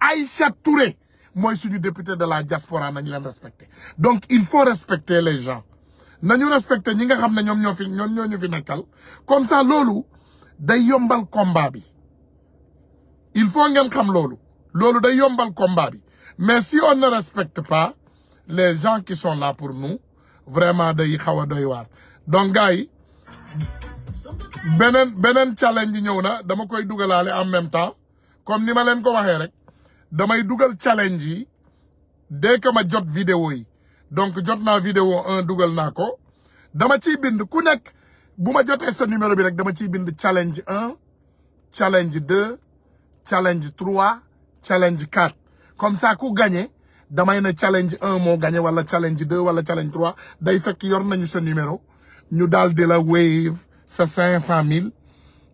Aïcha Touré moy suñu député de la diaspora nañ leen respecté donc il faut respecter les gens nañu respectons ñi nga xam ñom ñoo fi ñoo ñu fi comme ça lolu day yombal combat bi il faut ngeen xam lolu lolu day yombal combat bi mais si on ne respecte pas les gens qui sont là pour nous vraiment day xaw a doy war donc gars beneen beneen challenge ñëw na dama koy dugalaale en même temps comme ni ma leen ko waxee rek damay dugal challenge yi dès que ma jot vidéo yi donc jot naa vidéo un dugal naa ko dama ci bind ku nekk bu ma jotee sa numéro bi rek dama ciy bind challenge un challenge deux challenge trois challenge quatre comme ça ku gagné damay na challenge un moo gagné wala challenge deux wala challenge trois day fekk yor nañu sa numéro ñu daal di la wave sa cinq cent mille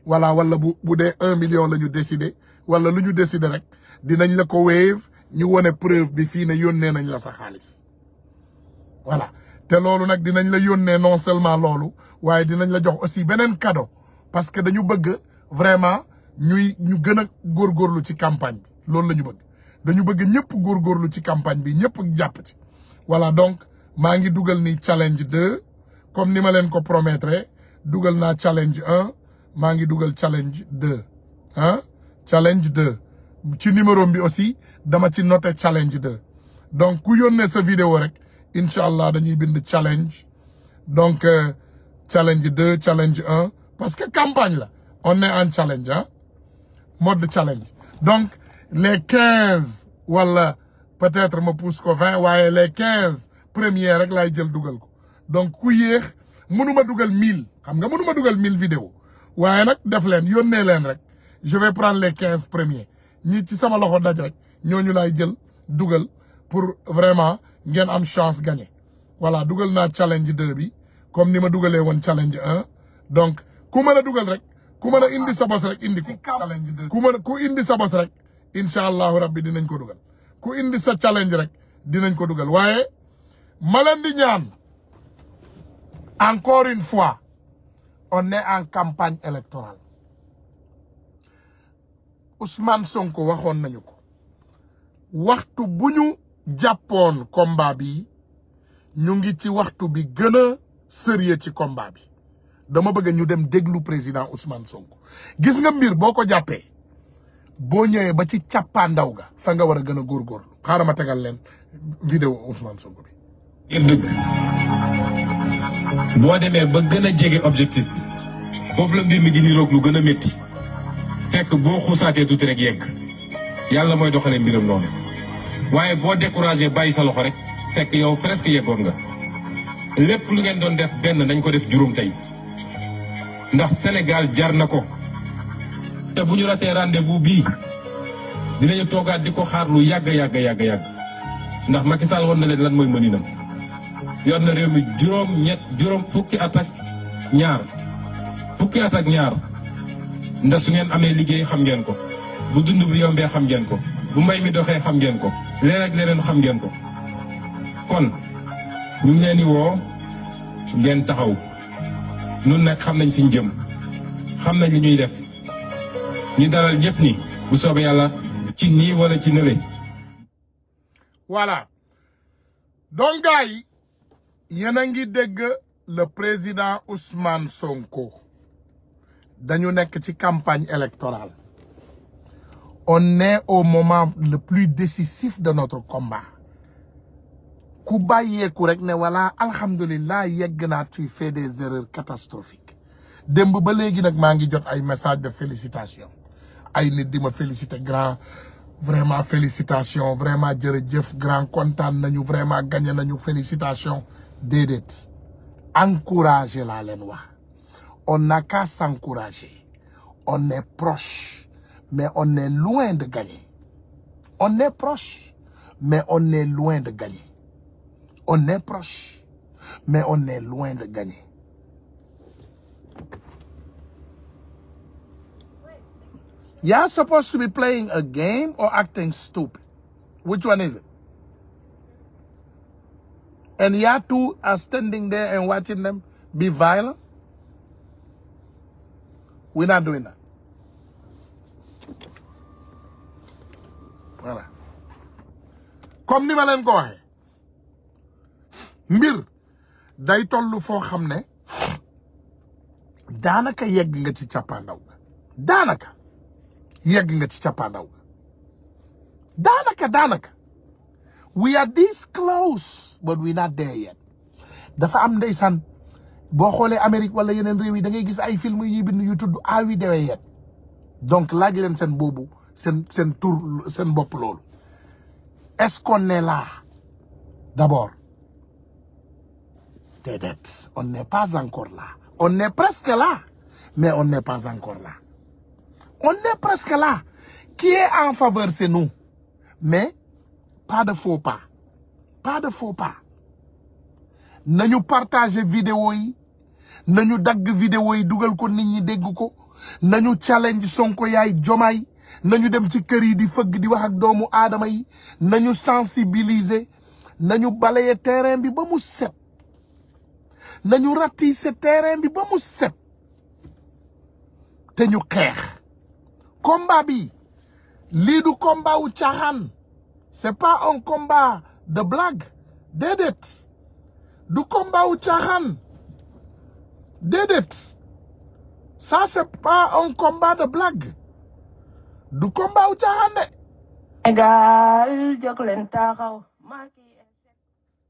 voilà wala bu bu dee un million la ñu décider wala lu ñu décider rek dinañ la ko wéev ñu wone preuve bi fii ne yónnee nañ la sa xaalis voilà te loolu nag dinañ la yónnee non seulement loolu waaye dinañ la jox aussi beneen kado parce que dañu bëgg vraiment ñuy ñu gën a góorgóorlu ci campagne bi loolu la ñu bëgg dañu bëgg ñëpp góorgóorlu ci campagne bi ñëpp jàpp ci voilà donc maa ngi dugal ni challenge deux comme ni ma leen ko promettre dougal challenge 1 mangi dougal challenge 2 hein challenge 2 ci numéro bi aussi dama ci note challenge 2 donc ku yonne cette vidéo rek inshallah dañuy le challenge donc euh, challenge 2 challenge 1 parce que campagne on est en challenge hein mode challenge donc les 15 voilà peut-être me pousse qu'au 20 ouais les 15 premières rek lay jël dougal ko donc mënuma dugal mille xam nga mënuma dugal mille vidéo waaye nag def leen yónnee leen rek je vais le les quinze premiers ñi ci sama loxo daj rek ñooñu laay jël dugal pour vraiment ngeen am chance gagner voilà dugal naa challenge deux bi comme ni ma dugalee woon challenge un donc ku mën a dugal rek ku mën a indi sa rek indi ko ku mën ku indi sa rek incha allahu rabbi dinañ ko dugal ku indi sa challenge rek dinañ ko dugal waaye ma leen di ñaan Encore une fois, on est en campagne électorale. Ousmane Sonko waxoon nañu ko waxtu bu ñu jàppoon combat bi ñu ngi ci waxtu bi gën sérieux ci combat bi dama bëgg ñu dem déglu président Ousmane Sonko gis nga mbir boko ko jàppee boo ñëwee ba ci càppaandaw ga fa nga war a gën a góorgóorlu xaaral ma vidéo Ousmane Sonko bi. boo demee ba gën a jege objectif bi foofu la mbir mi di niroog lu gën a métti fekk boo xuusaatee tuuti rek yegg yàlla mooy doxalee mbiram noonu waaye boo découragé bàyyi sa loxo rek fekk yow presque yeggoon nga lépp lu ngeen doon def benn nañ ko def juróom tey ndax Sénégal jar na ko te bu ñu ratee rendez-vous bii dinañu toogaat di ko xaar lu yàgg yàgg yàgg yàgg ndax Macky Sall woon na leen lan mooy na yor na réew mi juróom ñett juróom fukki at ak ñaar fukki at ak ñaar ndax su ngeen amee liggéey xam ngeen ko bu dund bi yombee xam ngeen ko bu mbay mi doxee xam ngeen ko leen ak leneen xam ngeen ko kon ñu ngi leen di woo ngeen taxaw nun nekk xam nañ fi ñu jëm xam nañ li ñuy def ñu dalal ñëpp ni bu soobee yàlla ci nii wala ci nële. voilà donc gars Yenangi deg le président Ousmane Sonko dañu nek ci campagne électorale on est au moment le plus décisif de notre combat ku bàyyeeku rek ne wala alhamdulillah yegna naa tu des erreurs catastrophiques demb ba légui nak maa ngi jot ay message de félicitations. ay nit di ma félicité grand vraiment félicitations. vraiment jërëjëf grand content nañu vraiment gagné nañu félicitations. Did encouragez-la on n'a qu'à s'encourager on est proche mais on est loin de gagner on est proche mais on est loin de gagner on est proche mais on est loin de gagner You're supposed to be playing a game or acting stupid. Which one is it? And Yatu are standing there and watching them be violent. We're not doing that. Voilà. Comme ni ma leen ko waxee mbir day toll foo xam ne daanaka yegg nga ci cappaandaw ga daanaka yegg nga ci cappaandaw ga daanaka daanaka we are this close but we not there yet dafa am ndeysaan boo xoolee Amérique wala yeneen réew yi da ngay gis ay film yi ñuy bind yu tudd are we there yet donc laaj leen seen boobu seen seen tur seen bopp loolu est-ce qu'on est là on ne pas encore la on est presque la mais on n'est pas encore la on est presque là qui est en faveur c'est nous pas de faux pas pas de faux nañu partager vidéo nañu dagg vidéo yi dugal ko nit ñi dégg ko nañu challenge Sonko yaay jomaay nañu dem ci kër yi di fëgg di wax ak doomu aadama yi nañu sensibiliser nañu balayer terrain bi ba mu set nañu ratisser terrain bi ba mu set te ñu xeex combat bi lii du combat wu caaxaan C'est pas un combat de blague. Dédette. Du combat ou tchahan. Dédette. Ça, c'est pas un combat de blague. Du combat ou tchahan.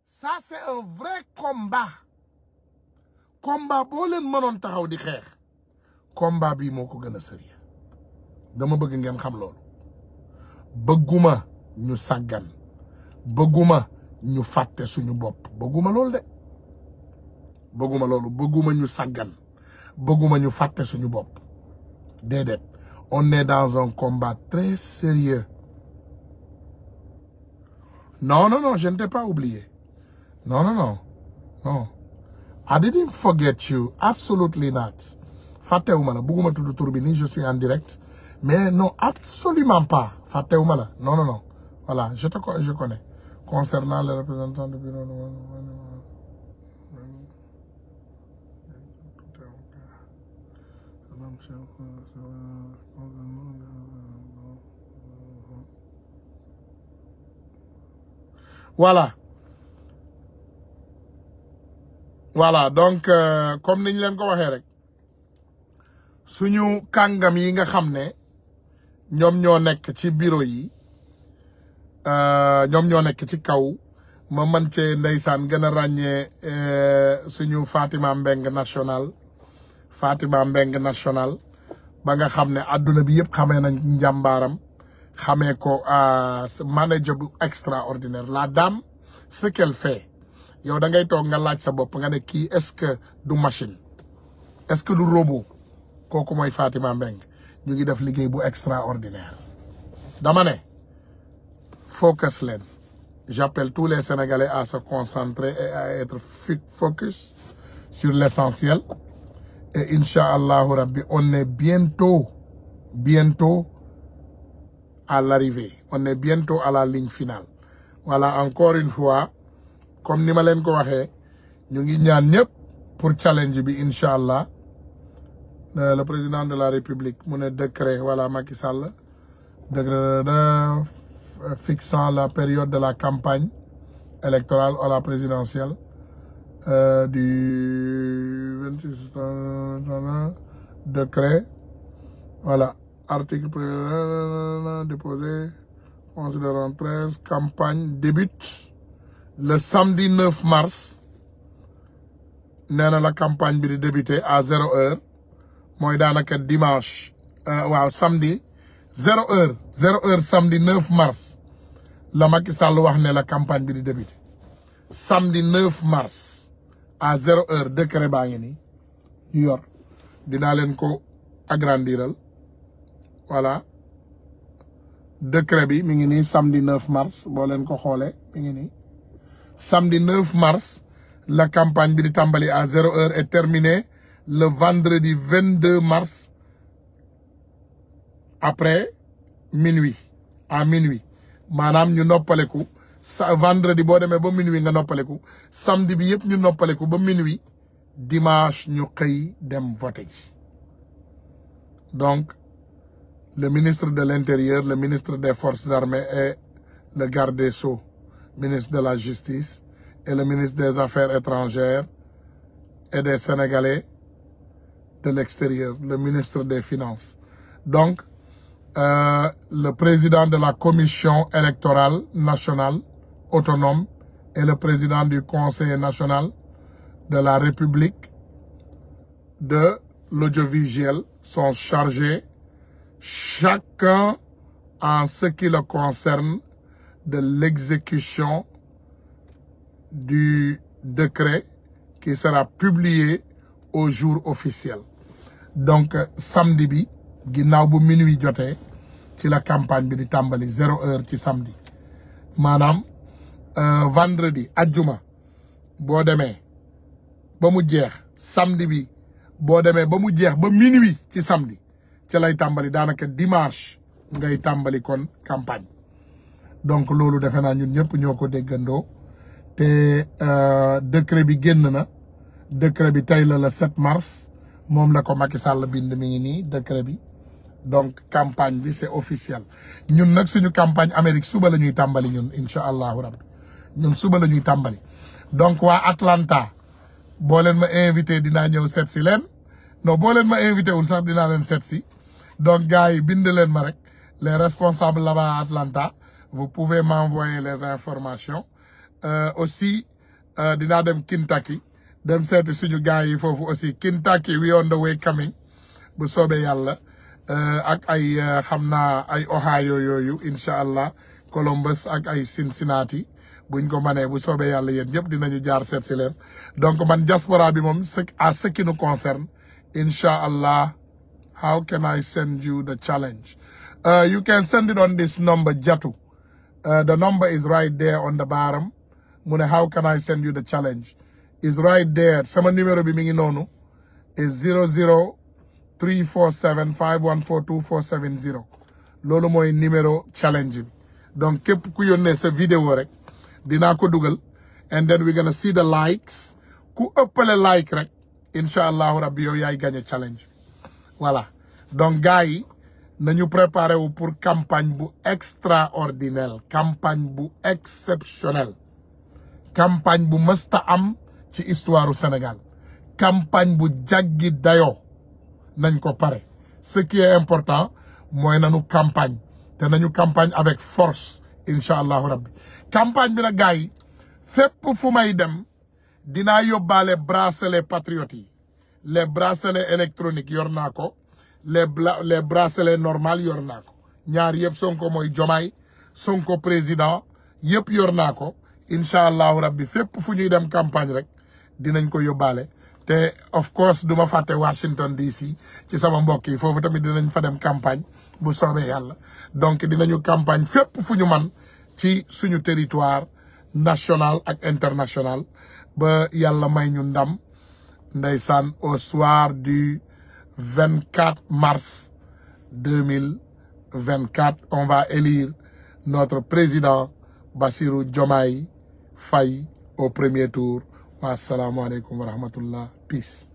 Ça, c'est un vrai combat. Combat les leen taxaw di combat bi nous Boguma, bëgguma ñu fàtte suñu bop. bëgguma loolu de bëgguma loolu nous ñu sàggan nous ñu fàtte suñu bopp on est dans un combat très sérieux non non non je ne t'ai pas oublié non non non non I didn't forget you absolutely not fàttewuma la bëgguma tudd tur bi je suis en direct mais non absolument pas fàttewuma la non non non voilà, je, te, je connais. Concernant les représentants du bureau de... Voilà. voilà donc euh, comme niñ l'avons ko si rek suñu kàngam yi nga xam bureau Eh, ñom ñoo nek ci kaw ma man ci ndaysan gëna ragné euh suñu Fatima Mbeng national Fatima Mbeng national ba nga xamné ne bi yëpp xamé nañ njàmbaaram xamé ko ah, manager bu extraordinaire la dame ce qu'elle fait yow da ngay tok nga laaj sa bop nga ne ki est-ce que du machine est-ce que du robot koku moy Fatima Mbeng ñu ngi def liggéey bu extraordinaire dama ne focus l'aide. j'appelle tous les Sénégalais à se concentrer et à être focus sur l'essentiel et Inch'Allah, on est bientôt bientôt à l'arrivée on est bientôt à la ligne finale voilà encore une fois comme nous l'avons dit, nous avons ñu ngi pour challenge Inch'Allah, euh, le président de la république mon décret voilà Macky Sall décret euh, fixant la période de la campagne électorale à la présidentielle euh, du 26 décret. Voilà, article déposé, considérant campagne débute le samedi 9 mars. la campagne bi à 0. à 0h dans dimanche euh, samedi 0h, 0h samedi 9 mars la Macky Sall la campagne bi di samedi 9 mars à 0 h décret ba New York, ñu yor len ko agrandiral voilà décret bi mi samedi 9 mars bo len ko samedi 9 mars la campagne bi di à 0h. terminée le vendredi 22 mars après minuit à minuit manam ñu noppaleku vendredi bo nous ba minuit nga noppaleku samedi bi yëpp ñu noppaleku ba minuit dimanche ñu xey dem voter donc le ministre de l'intérieur le ministre des forces armées et le garde des sceaux ministre de la justice et le ministre des affaires étrangères et des sénégalais de l'extérieur le ministre des finances donc euh, le président de la Commission électorale nationale autonome et le président du Conseil national de la République de l'audiovisuel sont chargés, chacun en ce qui le concerne, de l'exécution du décret qui sera publié au jour officiel. Donc, samedi, ginnaaw bu minuit jotee ci la campagne bi di tàmbali zéro heure ci samedi maanaam euh, vendredi ajjuma boo demee ba mu jeex samdi bi boo demee ba mu jeex ba minuit ci samedi ci lay tàmbali daanaka dimanche ngay tàmbali kon campagne donc loolu defe naa ñun ñëpp ñoo ko déggandoo te euh, décret bi génn na décret bi tey la le 7 mars moom la ko Macky Sall bind mi ngi nii décret bi donc campagne bi c'est officiel ñun nak suñu campagne Amérique suba lañuy tambali ñun inshallah rabb ñun suba lañuy tambali donc wa Atlanta bo len ma invité dina ñew setsi len non bo len ma invité wul sax dina len setsi donc gaay bind len ma rek les responsables là-bas à Atlanta vous pouvez m'envoyer les informations euh, aussi euh, dina dem Kentucky dem setsi suñu gaay yi aussi Kentucky we on the way coming bu sobe yalla Euh, ak ay euh, xam naa ay Ohio yooyu incha allah Columbus ak ay Cincinnati buñ ko manee bu soobee yàlla yéen ñëpp dinañu jaar seet si donc man diaspora bi moom ce à ce qui nous incha allah how can I send you the challenge uh, you can send it on this number Jatu uh, the number is right there on the bottom mu ne how can I send you the challenge is right there sama numéro bi mi ngi noonu is zero zero 347 514 2470 loolu mooy numéro challenge bi donc képp ku yónnee sa vidéo rek dinaa ko dugal and then we gonna see the likes ku ëppale like rek incha allahu rabbi yow yaay gagné challenge bi voilà donc gars yi nañu préparé wu pour campagne bu extraordinaire campagne bu exceptionnelle campagne bu masta am ci histoire u Sénégal campagne bu jaggi dayo nañ pare ce qui est important mooy nañu campagne te nañu campagne avec force inshallah allahu campagne bi nag Fait pour fépp fu may dem dinaa yóbbaale bracelet patriotes les bracelets électroniques les les bracelets normal yor ko ñaar Sonko mooy Jomaay Sonko président yep yornako, naa ko incha rabbi fépp fu ñuy dem campagne rek dinañ ko te of course nous faté Washington DC ci sama mbokk une tamit dinañ fa dem campagne bu soobee yalla donc dinañu campagne fep fuñu man ci suñu territoire national ak international ba yalla may ñu ndam ndaysan au soir du 24 mars 2024 on va élire notre président Bassirou Diomaye Faye au premier tour waa salaamualeykum wa rahmatullah peace